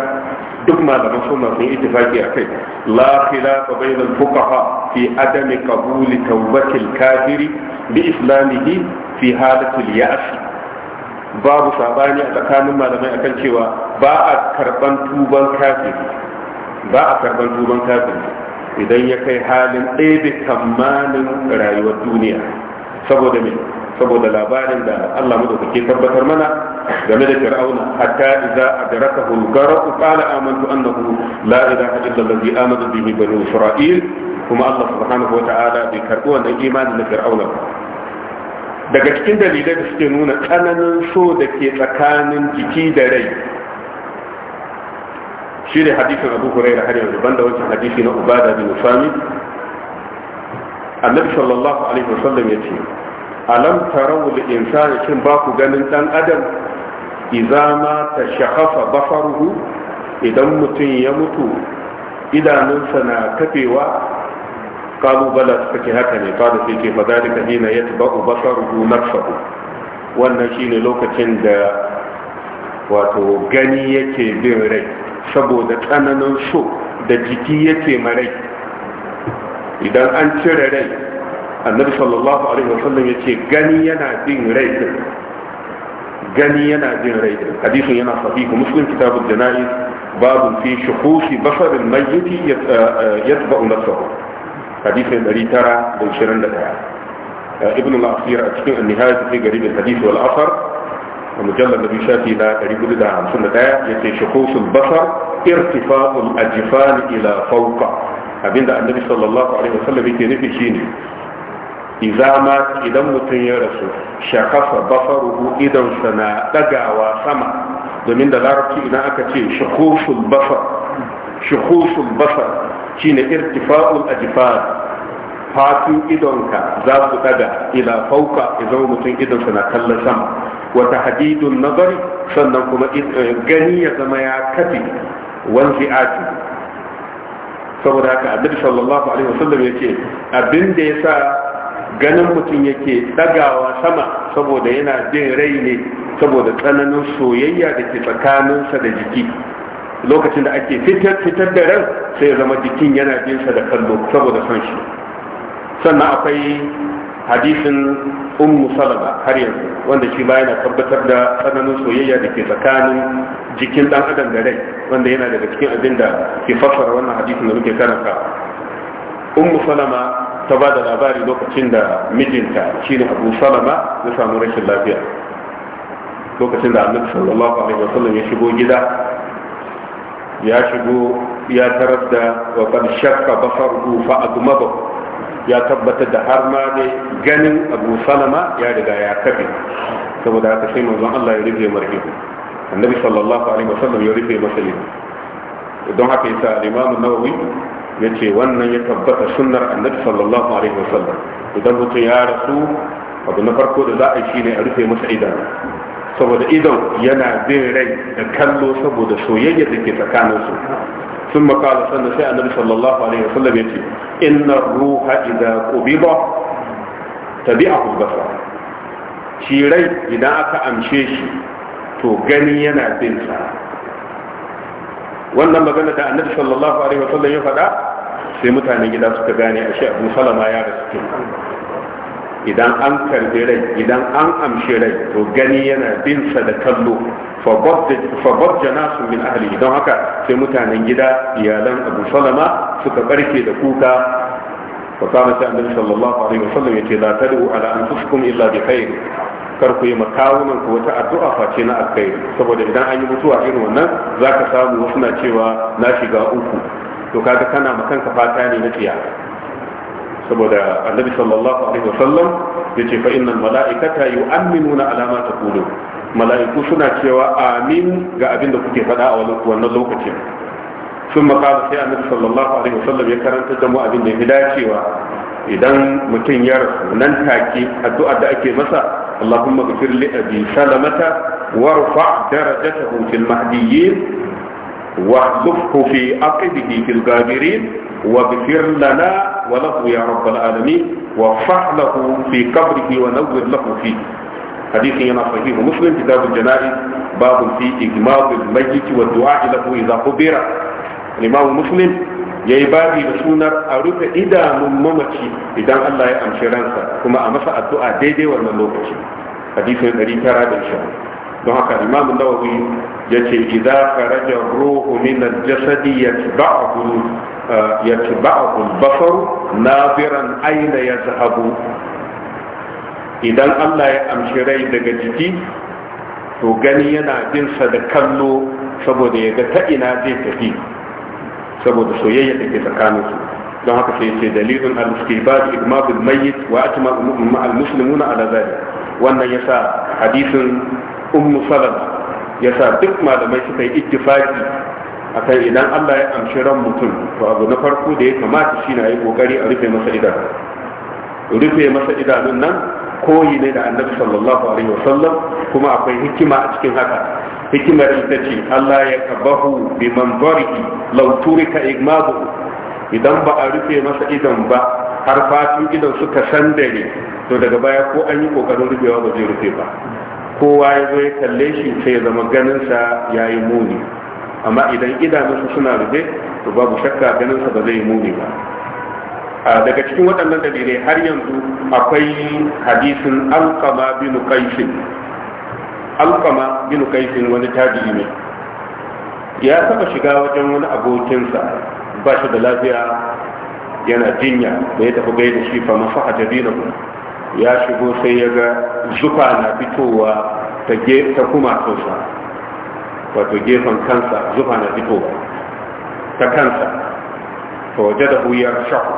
duk malaman sunna sun ittifaki akai la khilafa bayna al-fuqaha fi adami qabuli tawbatil kafiri bi islamihi fi halati al-ya'si babu sabani a tsakanin malamai akan cewa ba a karban tuban kafin ba a karban tuban kafin idan ya kai halin ɗebe tamanin rayuwar duniya saboda me saboda labarin da Allah mu ke tabbatar mana game da fir'auna hatta idza adrakahu al-gharq qala amantu annahu la ilaha illa allazi amana bihi bani isra'il kuma Allah subhanahu wa ta'ala bai karbi wannan imanin da fir'auna ba daga cikin dalilai da suke nuna tsananin so da ke tsakanin jiki da rai shi ne hadisin abu da hanyar yanzu da wancan hadisi na ubada bin sami annabi sallallahu alaihi wasallam ya ce alam tarau da insani shin ba ku ganin dan adam idza ma tashahafa basaruhu idan mutum ya mutu idanunsa na kafewa قالوا بلى فكي هكني قال في كيف ذلك حين يتبع بصره نفسه وانا شيني لوكا تند واتو غنية بيري سبو دا تانان شو دا جتية مري إذا أنت رأي النبي صلى الله عليه وسلم يتي غنية بين رأي غنية بين رأي حديث ينا صحيح مسلم كتاب الجنائز باب في شخوص بصر الميت آه، آه، يتبع نفسه حديث الذي ترى بشرا آه، ابن الأخير أتكلم النهاية في قريب الحديث والأثر المجلد الذي شاتي لا قريب لدى عن سنة يتي شخوص البشر ارتفاع الأجفان إلى فوق أبين النبي صلى الله عليه وسلم في كنفي شيني إذا مات إذا متن يرسل شخص بصره إذا سنا تقع وسمع ومن ذلك إذا أكتش شخوص البصر شخوص البصر shine irtifa'ul ajfar fatu idonka za su daga ila fauka idan mutum idonsa na kallon sama wata hadidun nazari sannan kuma eh, gani ya zama ya kafi wanzi ati saboda haka annabi sallallahu alaihi wasallam yace abin da yasa ganin mutum yake dagawa sama saboda yana jin rai ne saboda tsananin soyayya da ke tsakaninsa da jiki lokacin da ake fitar fitar da ran sai ya zama jikin yana jinsa da kallo saboda son shi sannan akwai hadisin ummu salama har yanzu wanda shi ma yana tabbatar da tsananin soyayya da ke tsakanin jikin dan adam da rai wanda yana daga cikin abin da ke fassara wannan hadisin da muke karanta ummu salama ta ba da labari lokacin da mijinta shine abu salama ya samu rashin lafiya lokacin da annabi sallallahu alaihi wasallam ya shigo gida ya shigo ya tarar da wabar shakka basarhu fa agmaba ya tabbatar da har ma ne ganin abu salama ya riga ya kabe saboda haka sai manzon Allah ya rufe marhibu annabi sallallahu alaihi wasallam ya rufe masa ido don haka yasa al-imam an-nawawi yace wannan ya tabbata sunnar annabi sallallahu alaihi wasallam idan mutum ya rasu abu na farko da za a yi shine a rufe masa idanu saboda idon yana bin rai da kallo saboda soyayya da ke tsakaninsu sun makala sannan sai annabi sallallahu alaihi wasallam ya ce inna ruha idza qubida a basar shi rai idan aka amshe shi to gani yana bin sa wannan magana da annabi sallallahu alaihi wasallam ya faɗa sai mutanen gida suka gane ashe abu salama ya rasu idan an karbi rai idan an amshi rai to gani yana bin sa da kallo fababja nasu min ahli don haka sai mutanen gida iyalan abu salama suka barke da kuka wa kama sai annabi sallallahu alaihi wasallam yace la tad'u ala anfusikum illa bi khair kar ku yi makawunan ku wata addu'a face na alkhairi saboda idan an yi mutuwa irin wannan zaka samu wasu na cewa na shiga uku to kaga kana kanka fata ne na tsiya saboda annabi sallallahu alaihi wasallam yace fa innal mala'ikata na alama ta kudu mala'iku suna cewa amin ga abin da kuke faɗa a wannan lokacin sun makala sai annabi sallallahu alaihi wasallam ya karanta da mu abin da ya dacewa idan mutum ya rasu nan take addu'ar da ake masa اللهم اغفر لأبي سلمة وارفع درجته في المهديين واحذفه في عقبه في الغابرين واغفر لنا وله يا رب العالمين وفعله في قبره ونور له فيه حديث هنا صحيح مسلم كتاب الجنائز باب في إجماع الميت والدعاء له إذا قبر الإمام مسلم yayi babi da sunar a rufe idanun mamaci idan Allah ya amshi ransa kuma a masa addu'a daidai wannan lokaci hadisin 920 don haka imam nawawi yace idza kharaja ruhu min al-jasadi yatba'u eh, yatba'u al-basar nadiran aina yazhabu idan Allah ya amshi rai daga jiki to gani yana jinsa da kallo saboda ya ga ta zai tafi saboda soyayya da ke tsakaninsu don haka sai ce dalilin al-istibad ma al-mayyit wa atma al-muslimuna ala zalik wannan yasa hadisin ummu Salam, ya sa duk malamai suka yi ittifaki akan idan Allah ya amshi ran mutum to abu na farko da ya kamata shi na yi kokari a rufe masa idan. rufe masa idanun nan koyi ne da annabi sallallahu alaihi wasallam kuma akwai hikima a cikin haka hikimar ita ce Allah ya kabahu bi manzarihi law turika igmadu idan ba a rufe masa idan ba har fatun idan suka sandare to daga baya ko an yi kokarin rufewa ba zai rufe ba kowa ya zo ya kalle shi sai ya zama ganinsa ya yi muni amma idan idanunsu suna rufe to babu shakka ganinsa ba zai yi muni ba daga cikin waɗannan dalilai har yanzu akwai hadisin alkama bin kaifin alkama bin kaisin wani tabi'i ne ya saba shiga wajen wani abokinsa ba shi da lafiya yana jinya da ya tafi gaida shi fa mafaha na ya shigo sai ya ga zufa na fitowa ta kuma tosa wato gefen kansa zufa na fitowa ta kansa fa waje da huyar shaku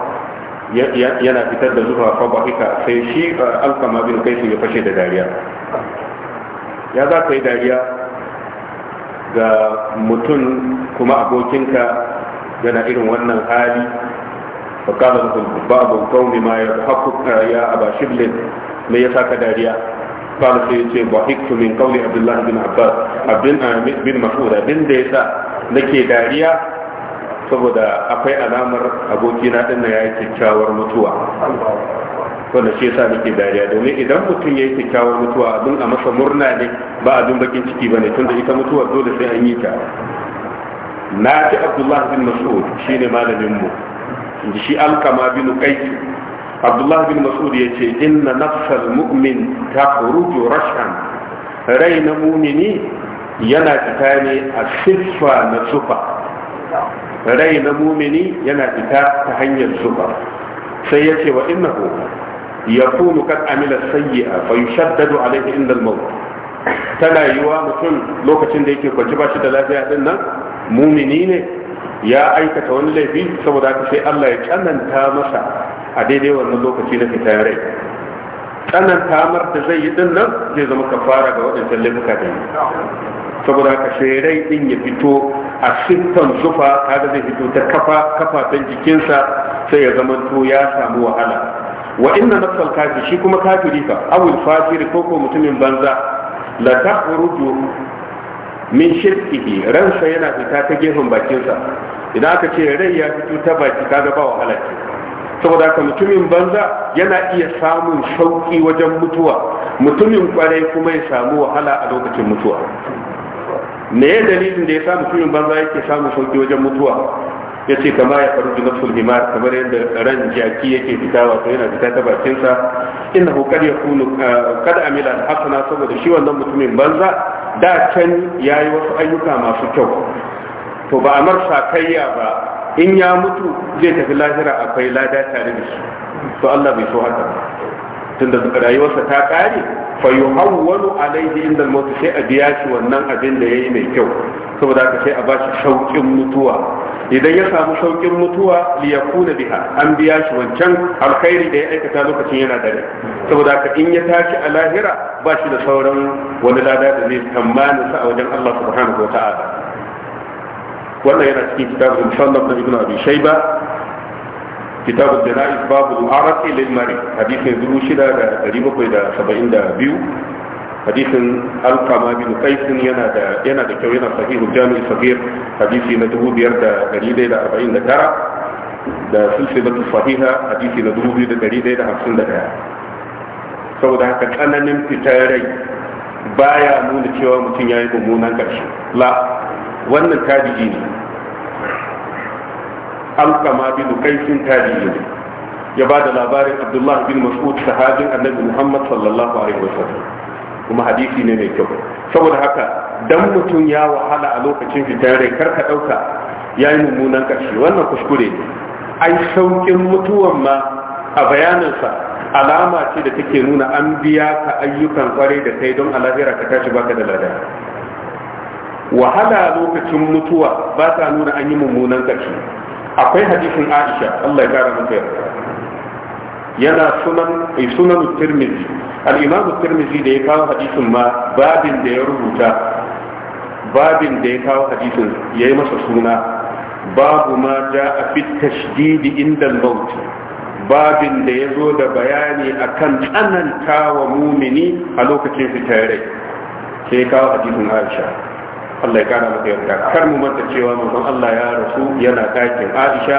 yana fitar da zufa fa bahika sai shi eh, alkama bin kaisu ya fashe da dariya ya za ka yi dariya ga mutum kuma abokinka yana irin wannan hali فقال لهم بعض القوم ما يضحكك يا أبا شبل ما يساك داريا قال سيدي ضحكت من قول عبد الله بن عباس عبد بن مسعود بن ديسا نكي داريا saboda akwai alamar abokina dinna ya yi kyakkyawar mutuwa wanda shi yasa nake dariya domin idan mutum ya yi kyakkyawar mutuwa abin a masa murna ne ba abin bakin ciki ba ne tunda ita mutuwa dole sai an yi ta na ji abdullahi bin mas'ud shine malamin mu inji shi alkama bin qais abdullah bin mas'ud yace inna nafsal mu'min takhruju rashan rai na mumini yana fita ne a siffa na sufa rai na mumini yana fita ta hanyar sufa sai yace wa innahu yakunu kad amila sayyi'a fa yushaddadu alayhi inda al-maut tana yiwa mutum lokacin da yake kwanci ba shi da lafiya din nan mumini ne ya aikata wani laifi saboda haka sai Allah ya tsananta masa a daidai wannan lokaci na fita rai tsananta mar da zai yi din nan zai zama kafara ga waɗancan laifuka da yi saboda haka sai rai din ya fito a siffan zufa kaga zai fito ta kafa kafafen jikinsa sai ya zama to ya samu wahala wa inna nafsal kafi shi kuma kafiri ka awul fasiri, ko ko mutumin banza la tahruju min shirkihi ransa yana fita ta gefen bakinsa idan aka ce rai ya fito ta baki kaga ba wahala ce saboda ka mutumin banza yana iya samun shauki wajen mutuwa mutumin kwarai kuma ya samu wahala a lokacin mutuwa me ya dalilin da ya sa mutumin banza yake samun sauki wajen mutuwa ya ce kama ya faru da fulhimar kamar yadda ran jaki yake fita wato yana fita ta bakinsa inna hukar ya kunu kada ah, amila da hasana saboda shi wannan mutumin banza da can ya yi wasu ayyuka masu kyau to ba a marsa kayya ba in ya mutu zai tafi lahira akwai lada tare da shi to Allah bai so haka ba tunda rayuwarsa ta kare fa yuhawwalu alaihi inda mutu sai a biya shi wannan abin da yayi mai kyau saboda haka sai a bashi shauƙin mutuwa idan ya samu shauƙin mutuwa li yakuna biha an biya shi wancan alkhairi da ya aikata lokacin yana dare saboda haka in ya tashi a lahira bashi da sauran wani lada da zai tsammanin sa a wajen Allah subhanahu wa wannan yana cikin kitabul musannaf na ibnu abi shayba kitabul janaiz babu arati lil mari hadisin 6772 hadisin alkama bin kaisin yana da yana da kyau yana sahihu jami'i sahih hadisi na 5149 da silsilatu sahiha hadisi na 2151 saboda haka tsananin fitar rai baya nuna cewa mutum yi mummunan karshe la wannan tajiji ne alqama bin kaisin tabi'i ne ya ba da labarin abdullah bin mas'ud sahabin annabi muhammad sallallahu alaihi wasallam kuma hadisi ne mai kyau saboda haka dan mutum ya wahala a lokacin fitan rai kar ka dauka yayi mummunan kashi wannan kuskure ne ai saukin mutuwan ma a bayaninsa alama ce da take nuna an biya ka ayyukan kwarai da kai don alahira ka tashi baka da lada wahala lokacin mutuwa ba ta nuna an yi mummunan kashi akwai hadisin aisha Allah ya kara muka yarda yana sunan eh, sunan tirmidhi al-imam tirmidhi da ya kawo hadisin ma babin da ya rubuta babin da ya kawo hadisin yayi masa suna babu ma a fi tashdid inda al babin da ya zo da bayani akan tsananta wa mumini a lokacin rai, sai ya kawo hadisin aisha Allah ya kara maka yarda kar mu manta cewa manzon Allah ya rasu yana dakin Aisha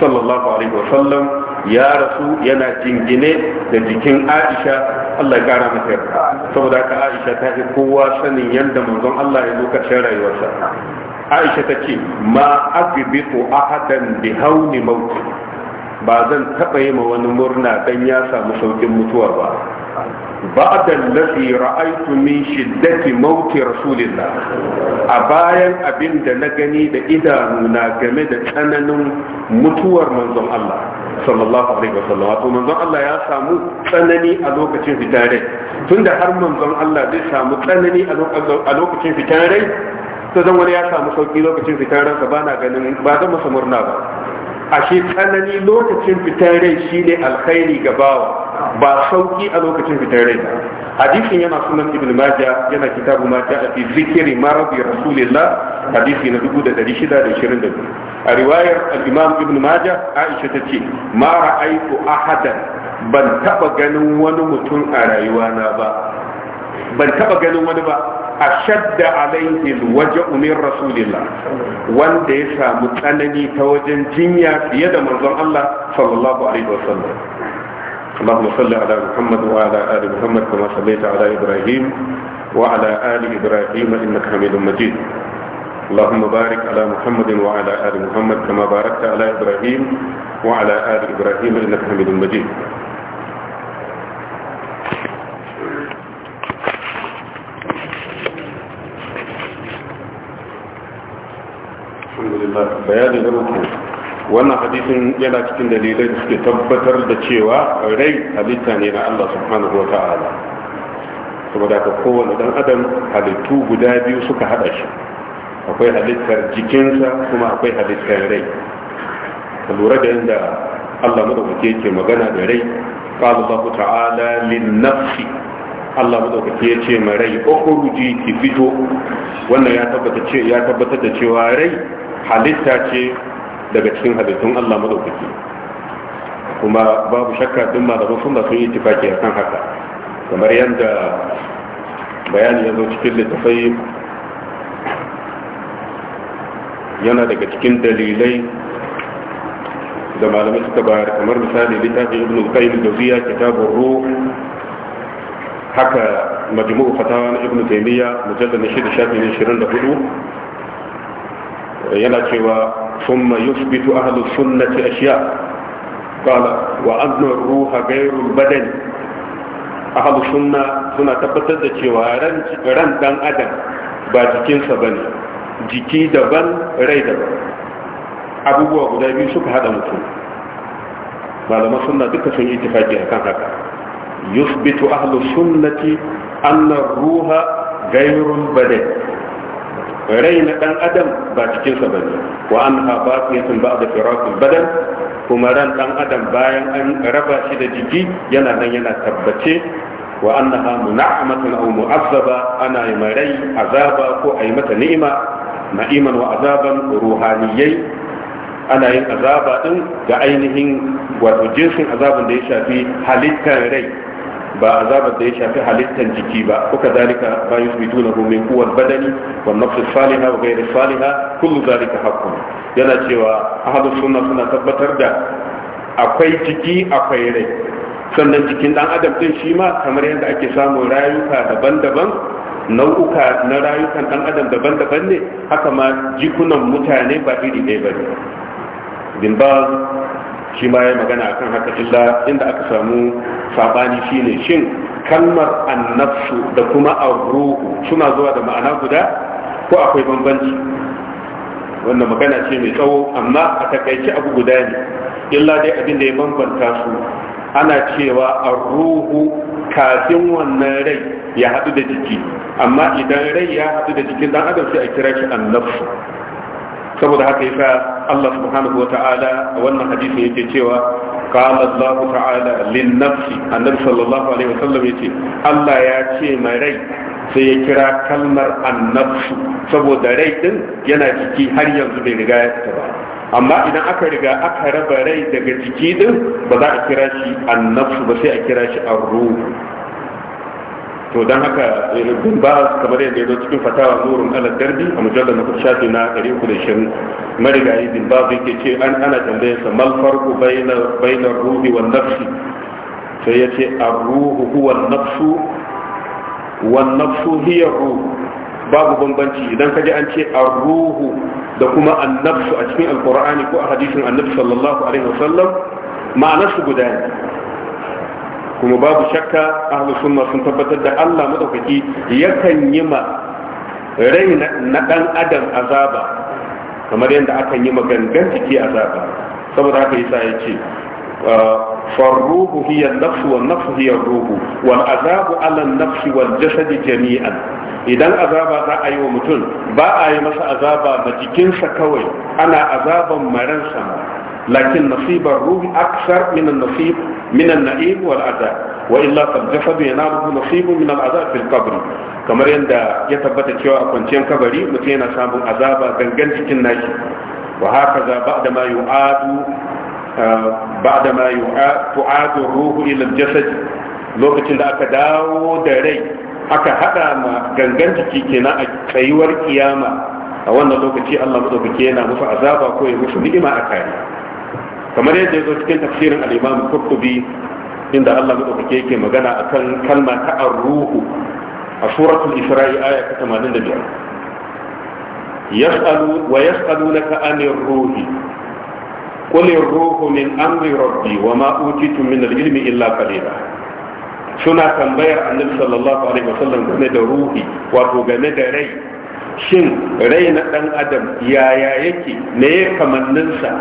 sallallahu alaihi wa sallam ya rasu yana jingine da jikin Aisha Allah ya kara maka yarda saboda ka Aisha ta yi kowa sanin yadda manzon Allah ya lokacin rayuwarsa Aisha ta ce ma aqibitu ahadan bi hauni mauti ba zan taɓa yi ma wani murna dan ya samu saukin mutuwa ba ba'da allazi ra'aytu min shiddati mauti rasulillah a bayan abinda na gani da idanu na game da tsananin mutuwar manzon Allah sallallahu alaihi wasallam wato manzon Allah ya samu tsanani a lokacin fitare tunda har manzon Allah zai samu tsanani a lokacin fitare to zan wani ya samu sauki lokacin fitarensa ba na ganin ba zan masa murna ba ashe tsanani lokacin fitar rai shine alkhairi ga bawa ba sauki a lokacin fitar rai hadisin yana sunan ibn majah yana kitabu ma ja'a fi zikri maradi rasulillah hadisi na 1622 a riwayar al-imam ibn majah aisha ta ce ma ra'aytu ahadan ban taba ganin wani mutum a rayuwana ba ban taba ganin wani ba ashadda alaihi alwaja'u min rasulillah wanda ya samu tsanani ta wajen jinya fiye da manzon Allah sallallahu alaihi wasallam اللهم صل على محمد وعلى ال محمد كما صليت على ابراهيم وعلى ال ابراهيم انك حميد مجيد اللهم بارك على محمد وعلى ال محمد كما باركت على ابراهيم وعلى ال ابراهيم انك حميد مجيد bayani na uku wannan hadisin yana cikin dalilai da suke tabbatar da cewa rai halitta ne na Allah subhanahu wa ta'ala saboda ka kowane dan adam halittu guda biyu suka hada shi akwai halittar jikinsa kuma akwai halittar rai ka lura da yanda Allah madaukake yake magana da rai qala Allah ta'ala lin nafsi Allah madaukake ya ce ma rai ukhruji ki fito wannan ya tabbatar da cewa rai halitta ce daga cikin halittun Allah maɗaukaki kuma babu shakka din malaman sunna sun yi a akan haka kamar yadda bayani ya zo cikin littafai yana daga cikin dalilai da malamai suka bayar kamar misali littafin ibn al-qayyim jawziya kitabur ruh haka majmu'u fatawa na ibn taymiya mujallad na 6 shafi 24 yana cewa thumma yusbitu ahlus sunnati ashiya qala wa anna ruha ghayru badani ahlus sunna suna tabbatar da cewa ran ran dan adam ba jikinsa bane jiki daban rai daban abubuwa guda biyu suka hada mutum malama sunna duka sun yi tafaki akan haka yusbitu ahlus sunnati anna ruha ghayrul badan rai na dan adam ba cikinsa ba ne wa an haɓa fiyatin ba da firakun badan kuma ran dan adam bayan an raba shi da jiki yana nan yana tabbace wa annaha mun'amatun aw mu'azzaba ana yi marai azaba ko a yi mata ni'ima na'iman wa azaban ruhaniyai ana yin azaba din ga ainihin wato jinsin azaban da ya shafi halittar rai ba azabar da ya shafi halittar jiki ba ko kadalika ba yusbituna hu min kuwar badani wa nafsu salihah wa ghayr salihah kullu zalika haqqun yana cewa ahlus sunna suna tabbatar da akwai jiki akwai rai sannan jikin dan adam din shi ma kamar yadda ake samun rayuka daban-daban nau'uka na rayukan dan adam daban-daban ne haka ma jikunan mutane ba iri ɗaya ba ne shi ma ya magana kan haka illa inda aka samu sabani shine shin kalmar annafsu da kuma arruhu suna zuwa da ma'ana guda ko akwai bambanci wannan magana ce mai tsawo amma a takaice abu guda ne illa dai abin da ya bambanta su ana cewa arruhu kafin wannan rai ya haɗu da jiki amma idan rai ya haɗu da jikin dan adam sai a kira shi annafsu saboda haka yasa Allah subhanahu wa ta'ala a wannan hadisin yake cewa qala Allah ta'ala lin nafsi annabi sallallahu alaihi wasallam yace Allah ya ce mai rai sai ya kira kalmar annafsu saboda rai din yana ciki har yanzu bai riga ya fita ba amma idan aka riga aka raba rai daga jiki din ba za a kira shi annafsu ba sai a kira shi arruh to don haka eh, bin ba kamar yadda ya zo cikin fatawa nurun ala darbi a mujallar na shafi na 320 marigayi bin ba zai ke ce an ana tambayar sa mal farko bainar ruhi wa nafsi sai ya ce a ruhu huwa nafsu wa nafsu hiya ruhu babu bambanci idan ka ji an ce a ruhu da kuma nafsu a cikin alkur'ani ko a hadisin annabi sallallahu alaihi wasallam su guda ne kuma babu shakka ahlus sunna sun tabbatar da Allah madaukaki yakan yi ma rai na dan adam azaba kamar yadda akan yi ma gangan jiki azaba saboda haka yasa yace فالروح nafsu النفس ruhu, هي azabu والعذاب على النفس والجسد jami'an. idan azaba za a yi wa mutum ba a yi masa azaba ma jikinsa kawai ana azaban maransa lakin nasibar ruhi aksar min nasib min an-na'im wal adab wa illa fal jasadu yanaluhu nasibun min al-adab fil qabr kamar yadda ya tabbata cewa a kwanciyar kabari mutum yana samun azaba gangan cikin wa haka za ma ma ruhu lokacin da aka dawo da rai aka hada ma gangan jiki kenan a tsayuwar kiyama a wannan lokaci Allah madaukake yana musu azaba ko ya musu ni'ima a kare kamar yadda ya zo cikin tafsirin al-imam qurtubi inda Allah madaukake yake magana akan kalma ta ar-ruhu a suratul isra'i aya ta 85 yas'alu wa yas'alunaka anir ruhi ruhu min amri من wa ma وما أوتيتم من ilmi illa قليلا suna tambayar annabi sallallahu alaihi wasallam ne da ruhi wato game da rai shin rai na dan adam yaya yake ne ya kamanninsa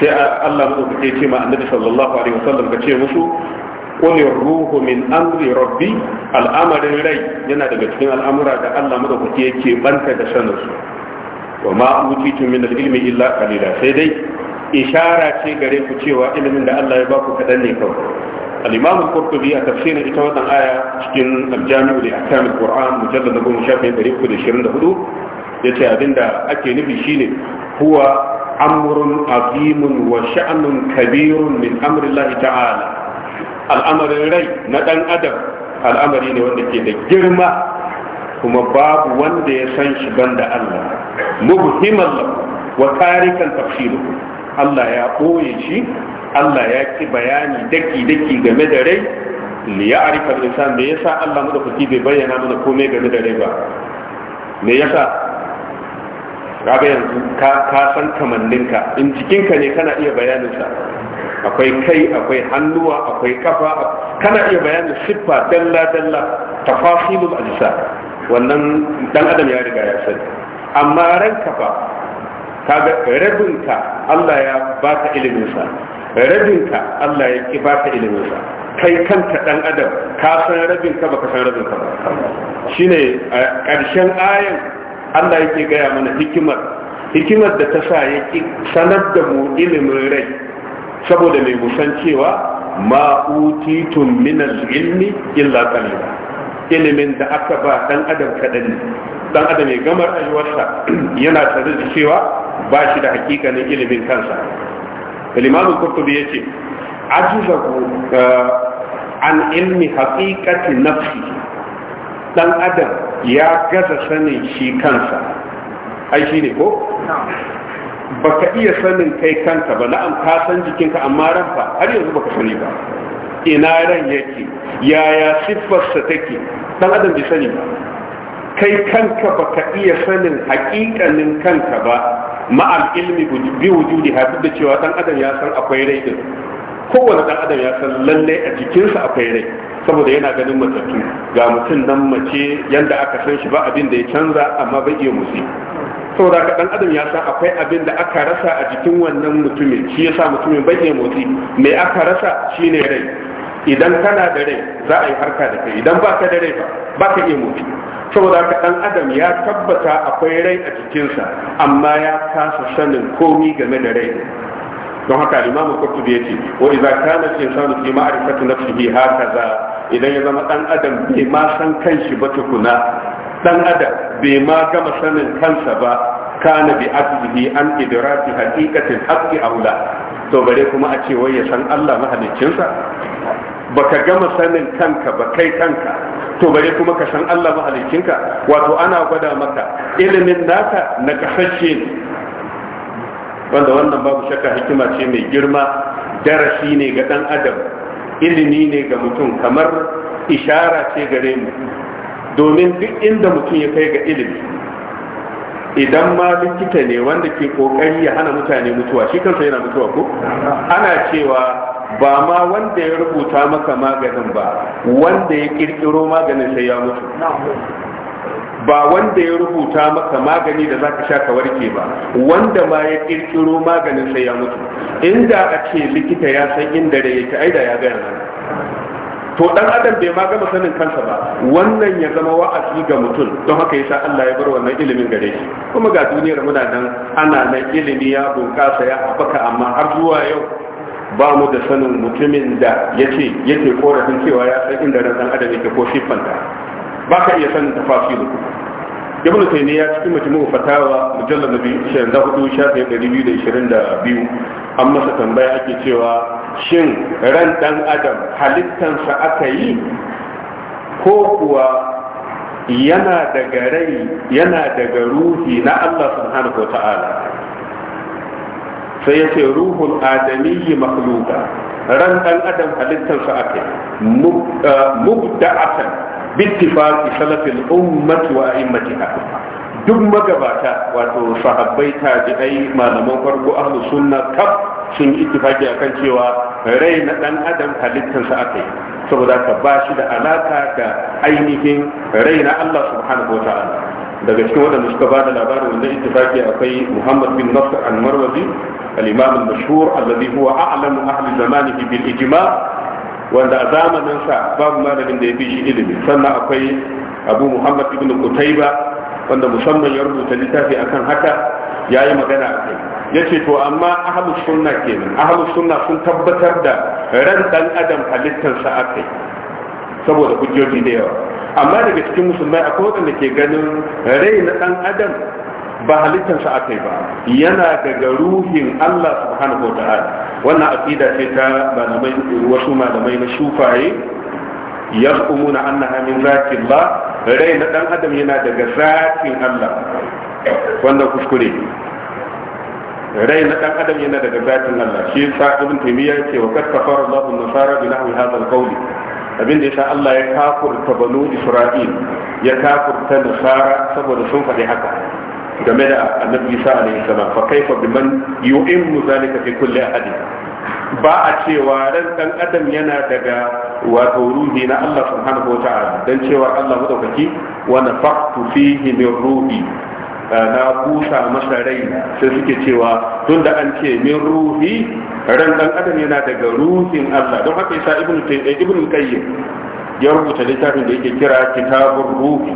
sai Allah ke ce ma annabi sallallahu alaihi wasallam ka ce musu qul ruhu min amri rabbi al'amarin rai yana daga cikin al'amura da Allah ke yake banta da sanin su wa ma utitu min al-ilmi illa qalila sai dai ishara ce gare ku cewa ilimin da Allah ya ba kadan ne kawai الإمام القرطبي تفسير إتوان آية cikin الجامع لأحكام القرآن مجلد نقول شافين بريق كل شرين دهدو yace abin da ake nufi shine huwa amrun azimun wa sha'nun kabirun min amrillahi ta'ala al'amarin rai na ɗan adam al'amari ne wanda ke da girma kuma babu wanda ya san shi banda Allah mubhiman lahu wa tarikan tafsiru Allah ya ɓoye shi Allah ya ki bayani daki-daki game da rai liya'arika insan me yasa Allah madaukaki bai bayyana mana komai game da rai ba me yasa kaga yanzu ka san kamanninka in jikinka ne kana iya bayaninsa akwai kai akwai hannuwa akwai kafa kana iya bayanin siffa dalla dalla tafasilul ajsa wannan dan adam ya riga ya sani amma ran kafa kaga rabinka Allah ya baka ilimin sa rabinka Allah ya ki baka ilimin sa kai kanka dan adam ka san rabinka baka san rabinka ba shine a eh, ƙarshen ayan Allah yake gaya mana hikimar hikimar da ta sa ya sanar da mu ilimin rai saboda mai musan cewa ma utitun min ilmi illa qalila ilimin da aka ba dan adam kadan dan adam ya gama rayuwarsa yana tare da cewa ba shi da hakikanin ilimin kansa al-imam qurtubi yace ku eh, an ilmi haqiqati nafsi dan adam ya gaza sanin shi kansa ai shi ne ko? baka iya sanin kai kanka ba la'am ka san jikinka amma ran fa har yanzu baka sani ba ina ran yake yaya siffarsa take dan adam bai sani ba kai kanka baka iya sanin haƙiƙanin kanka ba ma'al ilmi bi wujudi hafi da cewa dan adam ya san akwai rai din kowane dan adam ya san lalle a jikinsa akwai rai saboda yana ganin matattu ga mutum nan mace yanda aka san shi ba abin da ya canza amma bai iya musi saboda ka dan adam ya san akwai abin da aka rasa a jikin wannan mutumin shi yasa mutumin bai iya motsi me aka rasa shine rai idan kana da rai za a yi harka da kai idan baka da rai ba ka iya motsi saboda ka dan adam ya tabbata akwai rai a jikinsa amma ya kasa sanin komi game da rai don haka imamu qurtubi yace wa idza kana insanu fi ma'rifati nafsihi hakaza idan ya zama dan adam bai ma san kanshi ba tukuna dan adam bai ma gama sanin kansa ba kana bi azbihi an idraki haqiqatil haqqi aula to bare kuma a ce wai ya san Allah mahaliccinsa baka gama sanin kanka ba kai kanka to bare kuma ka san Allah mahaliccinka wato ana gwada maka ilimin naka na kasashe wanda wannan babu shakka hikima ce mai girma darasi ne ga dan adam ilimi ne ga mutum kamar ishara ce gare mu domin duk inda mutum ya kai ga ilimi idan ma likita ne wanda ke kokari ya hana mutane mutuwa shi kansa yana mutuwa ko ana cewa ba ma wanda ya rubuta maka maganin ba wanda ya kirkiro maganin sai ya mutu ba wanda ya rubuta maka magani da zaka sha ka warke ba wanda ma ya kirkiro maganin sai ya mutu inda a ce likita ya san inda da yake aida ya gaya mana to dan adam bai ma gama sanin kansa ba wannan ya zama wa'azi ga mutum don haka yasa Allah ya bar wannan ilimin gare shi kuma ga duniyar muna nan ana nan ilimi ya bunkasa ya haɓaka amma har zuwa yau ba mu da sanin mutumin da yake yake korafin cewa ya san inda ran dan adam yake ko shi fanta. ba ka iya sanin tafasiru ibn taymiya cikin mutumin fatawa mujallal nabi shirin da hudu shafi ɗari biyu da ishirin da biyu an masa tambaya ake cewa shin ran dan adam halittansa aka yi ko kuwa yana daga rai yana daga ruhi na Allah subhanahu wa ta'ala sai yace ruhul adamiyyi makhluqa ran dan adam halittarsa aka yi eh, mubda'atan bittifaqi salafil ummati wa a'immatiha duk magabata wato sahabbai tabi'ai malaman farko ahlus sunna kaf sun yi ittifaki akan cewa rai na dan adam halittansa aka yi saboda ka ba shi da alaka da ainihin rai na Allah subhanahu wa daga cikin waɗanda suka ba da labarin wannan ittifaki akwai Muhammad bin Nasr al-Marwazi al-Imam al-mashhur alladhi huwa a'lamu ahli zamanihi bil ijma' wanda a zamanin sa babu malamin da ya fi shi ilimi sannan akwai abu muhammad ibn kutaiba wanda musamman ya rubuta littafi akan haka ya yi magana a kai ya ce to amma ahalus sunna kenan ahalus sunna sun tabbatar da ran dan adam halittarsa a kai saboda hujjoji da yawa amma daga cikin musulmai akwai wanda ke ganin rai na dan adam ba halittarsa aka yi ba yana daga ruhin Allah subhanahu wa ta'ala wannan aqida ce ta malamai wasu malamai na shufaye yaqumuna annaha min zatillah rai na dan adam yana daga zatin Allah wannan kuskure rai na dan adam yana daga zatin Allah shi sa ibn taymiya yace wa kad kafara Allahu an-nasara bi nahwi hadha al-qawl abin da yasa Allah ya kafurta banu Isra'il ya kafurta nasara saboda sun faɗi haka game da annabi isa alaihi salam fa kaifa biman yu'immu zalika fi kulli ahadin ba a cewa ran dan adam yana daga wato ruhi na Allah subhanahu wa ta'ala dan cewa Allah madaukaki wa nafaqtu fihi min ruhi ah, na busa masa rai sai suke cewa tun da an ce min ruhi ran dan adam yana daga ruhin Allah don haka yasa ibnu ibnu ya rubuta littafin da yake kira kitabur ruhi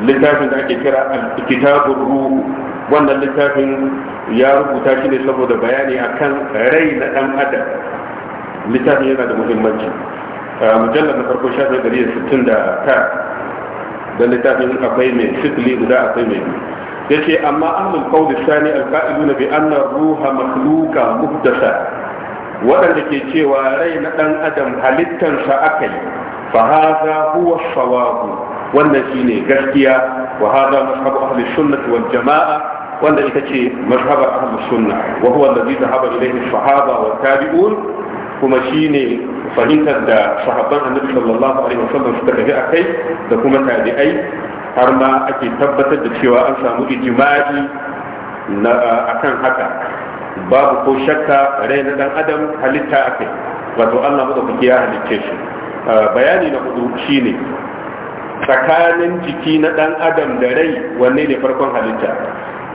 littafin da ake kira kitabun ruhu wannan littafin ya rubuta shi ne saboda bayani akan rai na dan adam littafin yana da muhimmanci mujallar na farko shafin gari da sittin da ta da littafin akwai mai sifili guda akwai mai ya ce amma ahlul qawli sani alqa'ilu na bi anna ruha makhluqa muhdasa waɗanda ke cewa rai na dan adam halittansa aka akai fa hadha huwa sawabu wannan ne gaskiya wa hada mashhabu ahli sunnah wal jamaa wanda ita ce mashhabu ahli sunnah wa huwa alladhi dhahaba ilayhi sahaba wa tabi'un kuma ne fahimtar da sahabban annabi sallallahu alaihi wasallam suka tafi akai da kuma tabi'ai har ma ake tabbatar da cewa an samu ijma'i na akan haka babu ko shakka rai na dan adam halitta akai wato Allah madaukaki ya halicce shi ah, bayani na hudu shine tsakanin jiki na ɗan adam da rai wanne ne farkon halitta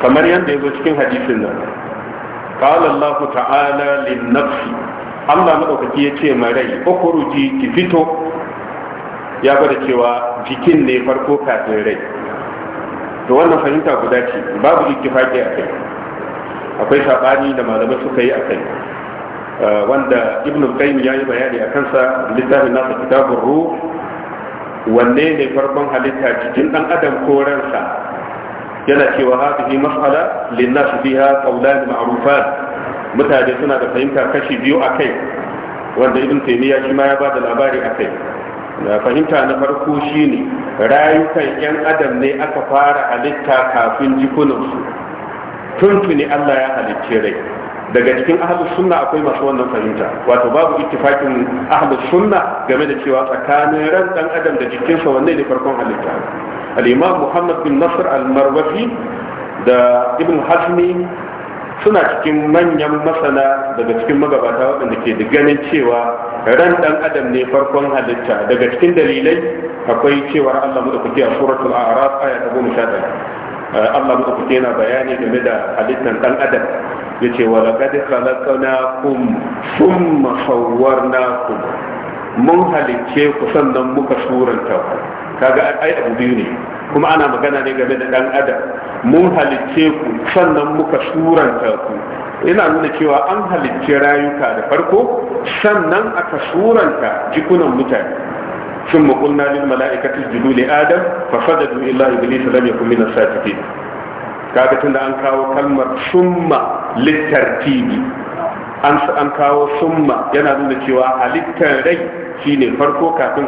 kamar yadda ya zo cikin hadisin nan qala Allah ta'ala lin nafsi Allah maɗaukaki ya ce ma rai ukuruji ki fito ya gwada cewa jikin ne farko kafin rai to wannan fahimta guda ce babu ittifaqi a kai akwai sabani da malamai suka yi a kai uh, wanda ibn qayyim ya yi bayani a kansa littafin nasa kitabur ruh wanne ne farkon halitta cikin dan adam ko ransa yana cewa hadhihi mas'ala linnas fiha qawlan ma'rufan mutane suna da fahimta kashi biyu akai wanda ibn taymiya shi ma ya ba da labari akai Na fahimta na farko shine rayukan yan adam ne aka fara halitta kafin jikunansu tuntuni Allah ya halicce rai daga cikin ahlus sunna akwai masu wannan fahimta wato babu ittifaqin ahlus sunna game da cewa tsakanin ran dan adam da jikinsa wanne ne farkon halitta al-imam muhammad bin nasr al-marwazi da ibn hazmi suna cikin manyan masana daga cikin magabata waɗanda ke da ganin cewa ran dan adam ne farkon halitta daga cikin dalilai akwai cewa Allah mu da kuke a suratul a'raf aya ta 11 Allah muka yana bayani game da halittar dan adam yace wa laqad kum thumma kum mun halicce ku sannan muka suranta ku kaga ai abu biyu ne kuma ana magana ne game da dan adam mun halicce ku sannan muka suranta ku ina nuna cewa an halicce rayuka da farko sannan aka suranta jikunan mutane ثم قلنا للملائكة اسجدوا لآدم فسجدوا إلا إبليس لم يكن من الساجدين kaga أن an kawo kalmar summa أن an kawo summa yana nuna cewa halittar rai shine farko kafin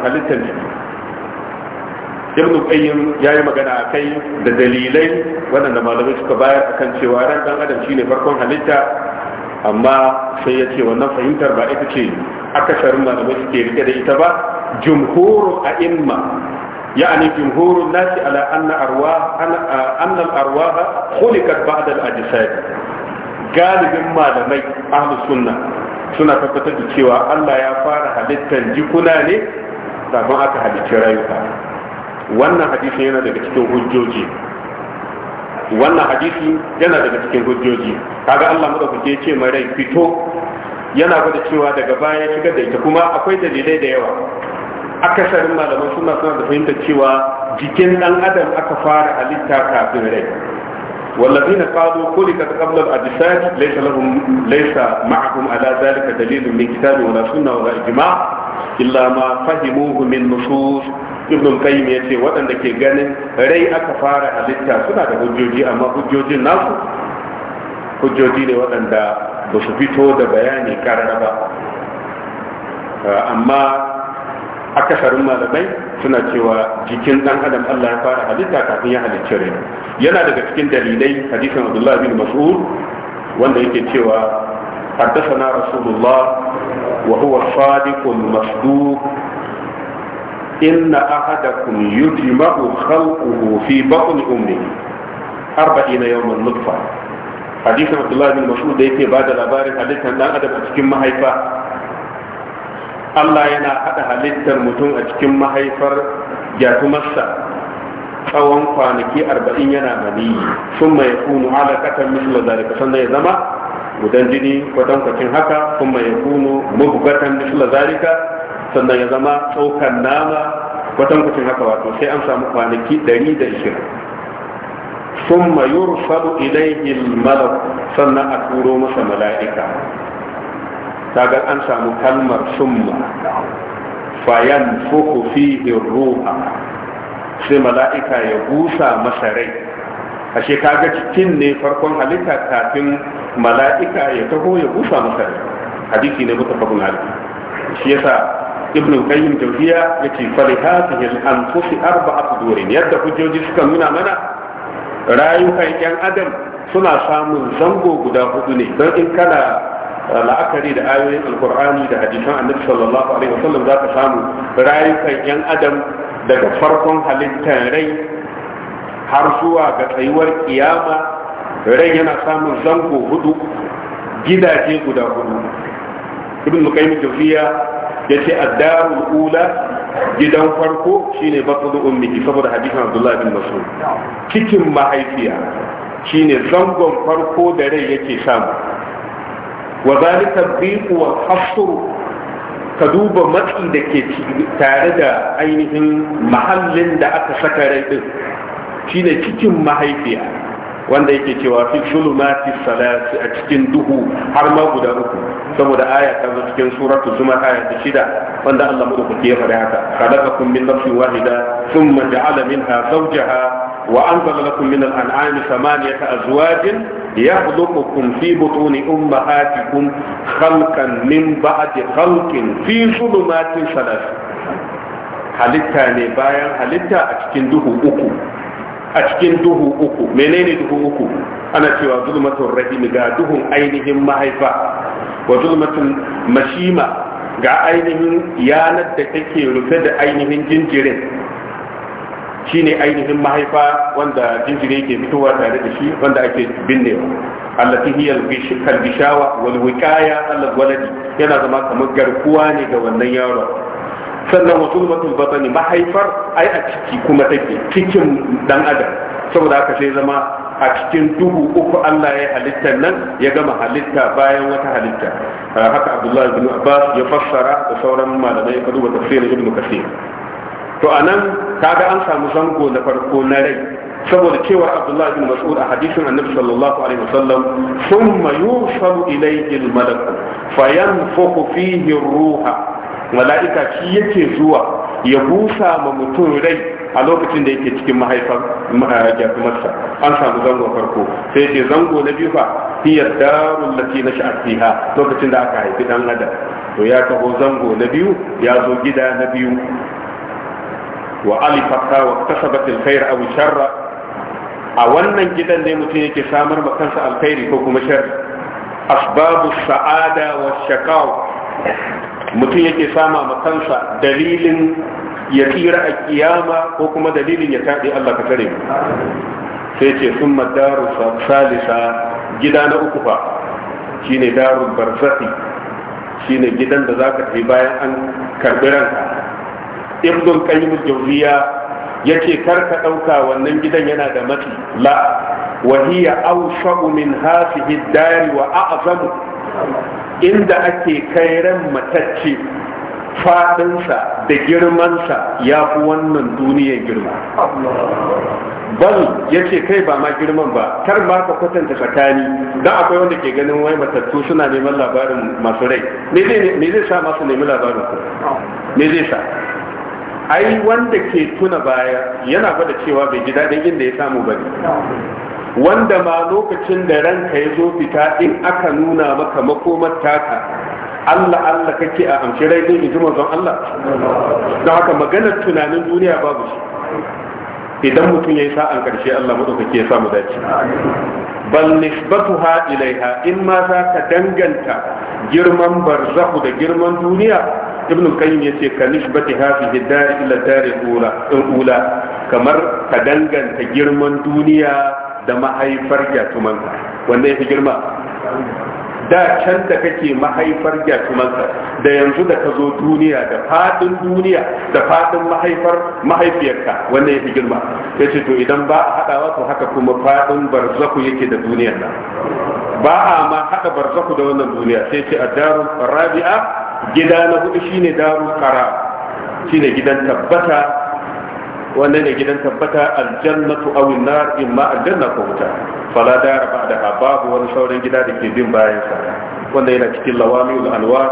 ibn qayyim yayi magana akai da dalilai wadanda malamai suka bayar akan cewa ran dan adam shine farkon halitta amma sai ya ce wannan fahimtar ba ita ce akasarin malamai suke rike da ita ba jumhur a'imma yani jumhurun nasi ala anna arwah anna al-arwah khuliqat ba'da al-ajsad galibin malamai ahlus sunna suna tabbatar da cewa Allah ya fara halittar jikuna ne aka halicci rayuka wannan hadisin yana daga cikin hujjoji hadisi yana daga cikin hujjoji kaga Allah madaukake ya ce mai rai fito yana gwada cewa daga baya ya shigar da ita kuma akwai dalilai da yawa akasarin malaman suna suna da fahimtar cewa jikin dan adam aka fara halitta kafin rai والذين قالوا خلقت قبل الاجساد ليس لهم ليس ala على ذلك دليل من suna ولا سنه ولا اجماع ma ما min musu نصوص kai القيم yace waɗanda ke ganin rai aka fara halitta suna da hujjoji amma hujjojin nasu hujjoji ne waɗanda ba su fito da bayani karara ba ah, amma akasarin malamai suna cewa jikin dan adam Allah ya fara halitta kafin ya halicci rai yana daga cikin dalilai hadisin Abdullah bin Mas'ud wanda yake cewa حدثنا rasulullah wa huwa الصادق المصدوق إن أحدكم يجمع خلقه في بطن أمه أربعين يوما نطفة hadisin abdullahi bin mas'ud da yake bada labarin halittar dan adam a cikin mahaifa Allah yana hada halittar mutum a cikin mahaifar gyatumarsa tsawon kwanaki arba'in yana maniyi sun mai kunu alaƙatar misal zalika sannan ya zama gudan jini kwatankwacin haka sun mai kunu mabugatan misal zalika sannan ya zama tsokan nama kwatankwacin haka wato sai an samu kwanaki 120 thumma yursalu ilayhi al-malak sannan a turo masa mala'ika kaga an samu kalmar summa fayan fuku fihi ruha sai mala'ika ya busa masa rai ashe kaga cikin ne farkon halitta kafin mala'ika ya taho ya busa masa rai hadisi ne muka fagun hadisi shi yasa ibnu qayyim jawziya yace fa li hadhihi al-anfus arba'atu durin yadda hujjoji suka nuna mana rayukan yan adam suna samun zango guda hudu ne don in kana uh, la'akari da ayoyin alkur'ani da hadisan annabi sallallahu alaihi wasallam za ka samu rayukan yan adam daga farkon halittar rai har zuwa ga tsayuwar kiyama rai yana samun zango hudu gidaje guda hudu ibn qayyim jawziya yace ad-darul ula gidan farko shine batsu ummiki saboda hadisin abdullahi bin mas'ud cikin mahaifiya shine zangon farko da rai yake samu wa zalika biqu wa hasru ka duba matsi da ke tare da ainihin mahallin da aka saka rai din shine cikin mahaifiya wanda yake cewa fi shulumati salati a cikin duhu har ma guda uku saboda aya ta zo cikin suratul zumar aya ta shida wanda Allah madaukaki ya faɗi haka khalaqakum min nafsin wahida thumma ja'ala minha zawjaha وأنزل لكم من الأنعام ثمانية أزواج يخلقكم في بطون أمهاتكم خلقا من بعد خلق fi ظلمات ثلاث halitta ne bayan halitta a cikin duhu uku a cikin duhu uku menene duhu uku ana cewa zulmatun rahimi ga duhun ainihin mahaifa wa zulmatun mashima ga ainihin yanar da take rufe da ainihin jinjirin shine ainihin mahaifa wanda jinjiri ke fitowa tare da shi wanda ake binne allati hiya al-gishawa wal wiqaya waladi yana zama kamar garkuwa ne ga wannan yaron sannan wasu mutum batani mahaifar ai a ciki kuma take cikin dan adam saboda haka sai zama a cikin duhu uku Allah ya halitta nan ya gama halitta bayan wata halitta ah, haka Abdullah ibn Abbas ya fassara da sauran malamai ka duba tafsirin Ibn Kathir to anan kaga an samu zango na farko na rai saboda cewa Abdullah ibn Mas'ud a hadisin Annabi sallallahu alaihi wasallam thumma yusalu ilayhi al-malak fayanfukhu fihi ar-ruha mala'ika shi yake zuwa ya busa ma mutum rai a lokacin da yake cikin mahaifar jakumarsa an samu zango farko sai ce zango na biyu fa hiya darul lati na sha'fiha lokacin da aka haifi dan adam to ya taho zango na biyu ya zo gida na biyu wa alifata wa kasabat alkhair abu sharra a wannan gidan ne mutum yake samar ma kansa alkhairi ko kuma sharri asbabu sa'ada wa shaqaw mutum yake sama ma kansa dalilin ya tsira a kiyama ko kuma dalilin ya taɗe Allah ka tare sai ce sun Daru salisa gida na uku fa shine Daru barzati shine gidan da zaka tafi bayan an karbi ranka ibn qayyim jawziya yace karka dauka wannan gidan yana da matsi la wa hiya awsa'u min hadhihi ad wa a'zamu inda ake kai ran matacce fadinsa da girmansa ya fi wannan duniyar girma bal ya ce kai ba ma girman ba kar ma ka kwatanta tsakani dan akwai wanda ke ganin wai matattu suna neman labarin masu rai me zai sa masu neman labarin ku me zai sa ai wanda ke tuna baya yana gwada cewa bai ji daɗin inda ya samu ba wanda ma lokacin da ranka ya zo fita in aka nuna maka makomar taka Allah Allah kake a amshi rai din inji mazan Allah don haka maganar tunanin duniya babu shi idan mutum ya yi sa'an karshe Allah maɗaukaki ya samu dace bal ha ilaiha in ma za ka danganta girman barzahu da girman duniya ibn qayyim yace ka nisbati fi dari ila dari ula ula kamar ka danganta girman duniya da mahaifar gyatumansa wanda ya fi girma da can da kake mahaifar gyatumansa da yanzu da ka zo duniya da fadin duniya da fadin mahaifar mahaifiyarka wanda ya fi girma ya ce to idan ba a haɗawa to haka kuma fadin barzaku yake da duniyar nan ba a ma haɗa barzaku da wannan duniya sai ce a darun rabi'a gida na hudu shine darun kara shine gidan tabbata wannan ne gidan tabbata aljannatu aw an-nar ma aljanna ko wuta fala dara ba'da babu wani sauran gida da ke bin bayan sa wanda yana cikin lawamiul Alwa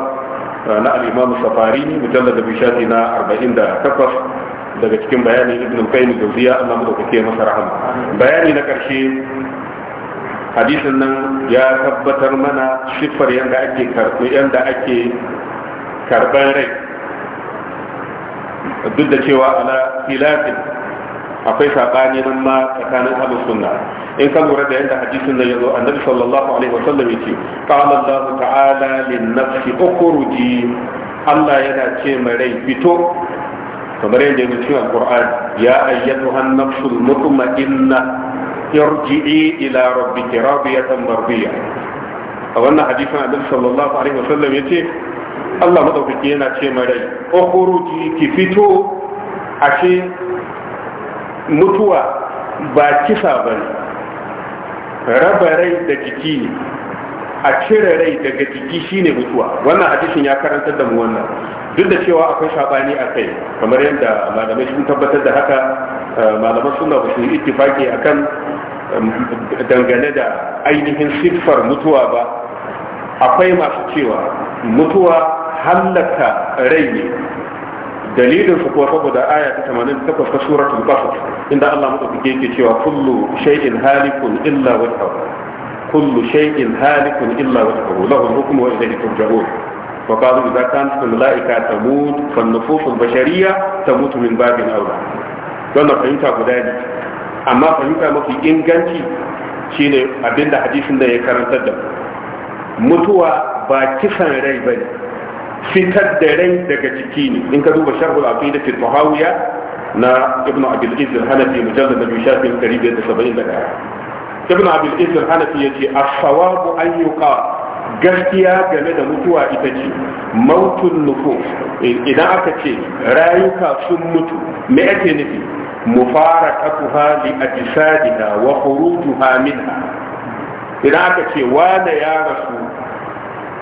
na al-imam safari mujallad bi shati na 48 daga cikin bayanin ibn qayyim jawziya Allah mu dauke masa rahama bayani na karshe hadisin nan ya tabbatar mana siffar yadda ake karɓi yadda ake karɓar rai duk da cewa ala khilafin akwai sabani nan ma tsakanin ahlus sunna in ka lura da yadda hadisin yazo annabi sallallahu alaihi qala Allah ta'ala lin nafsi ukhruji Allah yana ce mai rai fito kamar yadda yake cikin alqur'ani ya ayyatuhan nafsul mutma'inna irji'i ila rabbiki radiyatan mardiya a wannan hadisin annabi sallallahu alaihi wasallam yace Allah madaukaki yana ce mai rai ukhruji ki fito ashe mutuwa ba kisa ba ne raba rai da jiki ne a cire rai daga jiki shine mutuwa wannan hadisin ya karantar da mu wannan duk da cewa akwai shabani a kai kamar yadda malamai sun tabbatar da haka eh, malaman suna ba su yi ittifaki akan eh, dangane da ainihin siffar mutuwa ba akwai masu cewa mutuwa hallaka rai ne dalilin su kuwa saboda aya ta 88 ta suratul qasas inda Allah madaukake yake cewa kullu shay'in halikun illa wajhahu kullu shay'in halikun illa wajhahu lahu al-hukmu wa ilayhi turja'un wa qalu idza kanat al-mala'ika tamut fan-nufus al-bashariyya tamut min babin awla wannan fahimta guda ne amma fahimta mafi inganci shine abinda hadisin da ya karantar da mutuwa ba kisan rai bane fitar da rai daga jiki ne in ka duba sharhul aqidah fi tahawiya na ibn abil izz hanafi mujallad nabi shafin 571 ibn abil izz hanafi yace as-sawabu an yuqa gaskiya game da mutuwa ita ce mautun nufus eh, idan aka ce rayuka sun mutu me ake nufi mufarakatuha li ajsadina wa khurujuha minha idan aka ce wane ya rasu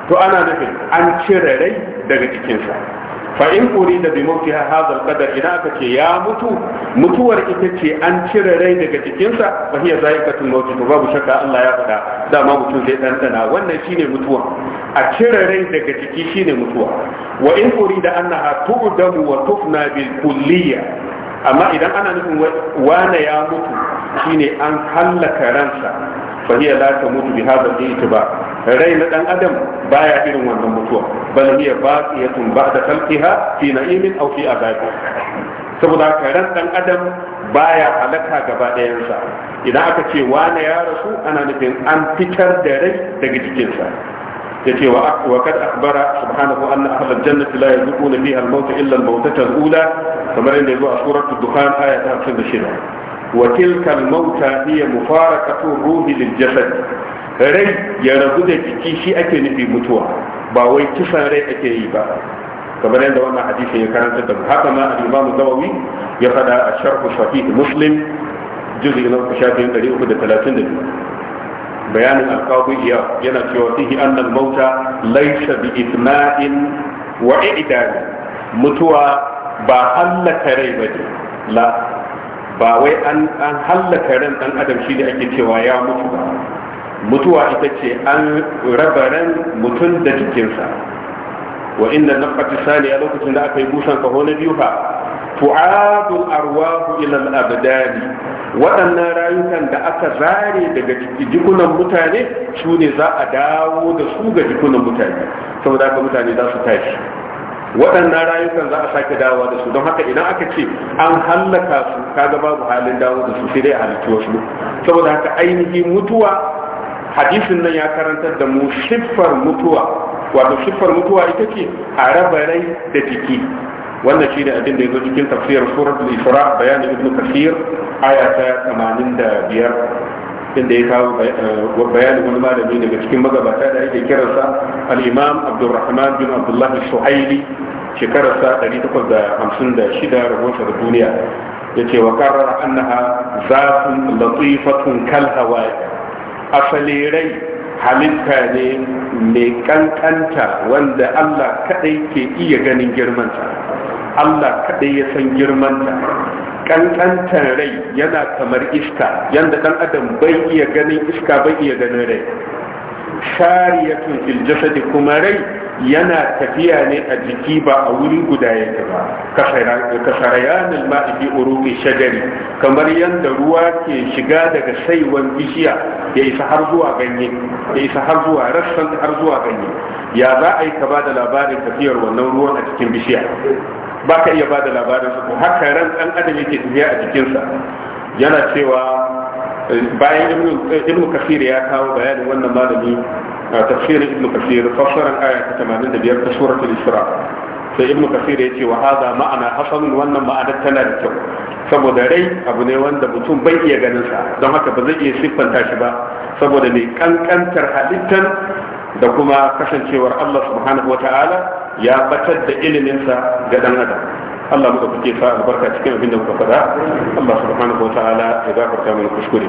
to ana nufin an cire rai daga jikinsa fa in kuri da bi ha hadal qadar ina aka ce ya mutu mutuwar ita ce an cire rai daga jikinsa fa hiya zaikatul maut to babu shakka Allah ya faɗa dama mutum zai ɗanɗana wannan shi ne mutuwa a cire rai daga jiki ne mutuwa wa in kuri da annaha tu'damu wa tufna bil kulliya, amma idan ana nufin wane ya mutu shine an hallaka ransa ba fa hiya la mutu bi hadha al ba. rai na dan adam baya irin wannan mutuwa bal hiya baqiyatun ba'da khalqiha fi na'imin aw fi azab saboda ran dan adam baya halaka gaba ɗayansa idan aka ce wane ya rasu ana nufin an fitar da rai daga jikinsa yace wa wa kad akhbara subhanahu anna ahlal jannati la yazuquna fiha al-maut illa al-mautata al-ula kamar inda yazo a suratu dukhan aya ta 56 wa tilka al-mauta hiya mufarakatu ruhi lil jasad rai ya rabu da jiki shi ake nufi mutuwa ba wai kisan rai ake yi ba kamar yadda wannan hadisin ya karanta da haka ma al-Imam Nawawi ya fada a Sharh Sahih Muslim juz'i na 332 bayanin al-Qadi iya yana cewa fihi anna al-mauta laysa bi ithna'in wa i'dad mutuwa ba hallaka rai bane la ba wai an hallaka ran dan adam shi da ake cewa ya mutu ba mutuwa ita ce an raba ran mutum da jikinsa wa inda na fatisani a lokacin da aka yi busan kaho na biyu fa tu'adul arwahu ila al-abdani waɗannan rayukan da aka zare daga jikunan mutane su ne za a dawo da su ga jikunan mutane saboda haka mutane za su tashi waɗannan rayukan za a sake dawo da su don haka idan aka ce an hallaka su kaga babu halin dawo da su sai dai a halittu wasu saboda haka ainihin mutuwa hadisin nan ya karantar da mu siffar mutuwa wato siffar mutuwa ita ce a raba rai da jiki wannan shi ne abin da ya zo cikin tafsir surat al-isra bayanin ibnu kasir aya ta 85 inda ya kawo eh, bayanin wani malami daga cikin magabata da yake kiransa al-imam abdurrahman bin abdullah suhaili shekararsa 856 rabonsa da duniya ya ce wa karara annaha zafin latifatun kal hawaii asalirai halitta ne mai kankanta wanda Allah kaɗai ke iya ganin girmanta Allah kaɗai ya san girmanta kankantar rai yana kamar iska yadda ɗan adam bai iya ganin iska bai iya ganin rai shari'atun iljasa jasadi kuma rai yana tafiya ne a jiki ba a wurin guda yake ba ka sarayanin ma'aji uruki shagari kamar yadda ruwa ke shiga daga saiwan bishiya ya isa har zuwa ganye ya isa har zuwa rassan har zuwa ganye ya za a yi ka ba da labarin tafiyar wannan ruwan a cikin bishiya ba ka iya ba da labarin su haka ran ɗan adam yake tafiya a jikinsa yana cewa bayan ibn kafir ya kawo bayanin wannan malami tafsirin ibn kafir fassaran aya ta 85 ta suratul isra sai ibn kafir ya ce wa hada ma'ana hasan wannan ma'ana tana da kyau saboda rai abu ne wanda mutum bai iya ganin sa don haka ba zai iya siffanta shi ba saboda mai kankantar halittar da kuma kasancewar Allah subhanahu wa ya batar da iliminsa ga dan adam Allah muka kuke sa albarka cikin abin da muka faɗa Allah subhanahu wa ta'ala ya gafarta mana kuskure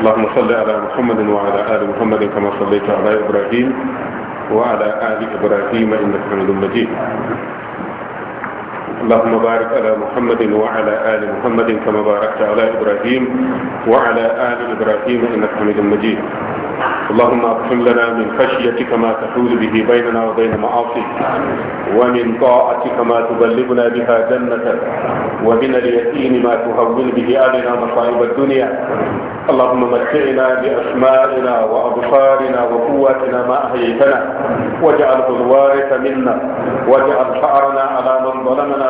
اللهم صل على محمد وعلى آل محمد كما صليت على إبراهيم وعلى آل إبراهيم إنك حميد مجيد اللهم بارك على محمد وعلى آل محمد كما باركت على إبراهيم وعلى آل إبراهيم إنك حميد مجيد اللهم اقسم لنا من خشيتك ما تحول به بيننا وبين معاصيك ومن طاعتك ما تبلغنا بها جنتك ومن اليقين ما تهون به علينا مصائب الدنيا اللهم متعنا بأسمائنا وأبصارنا وقواتنا ما أحييتنا واجعله الوارث منا واجعل شعرنا على من ظلمنا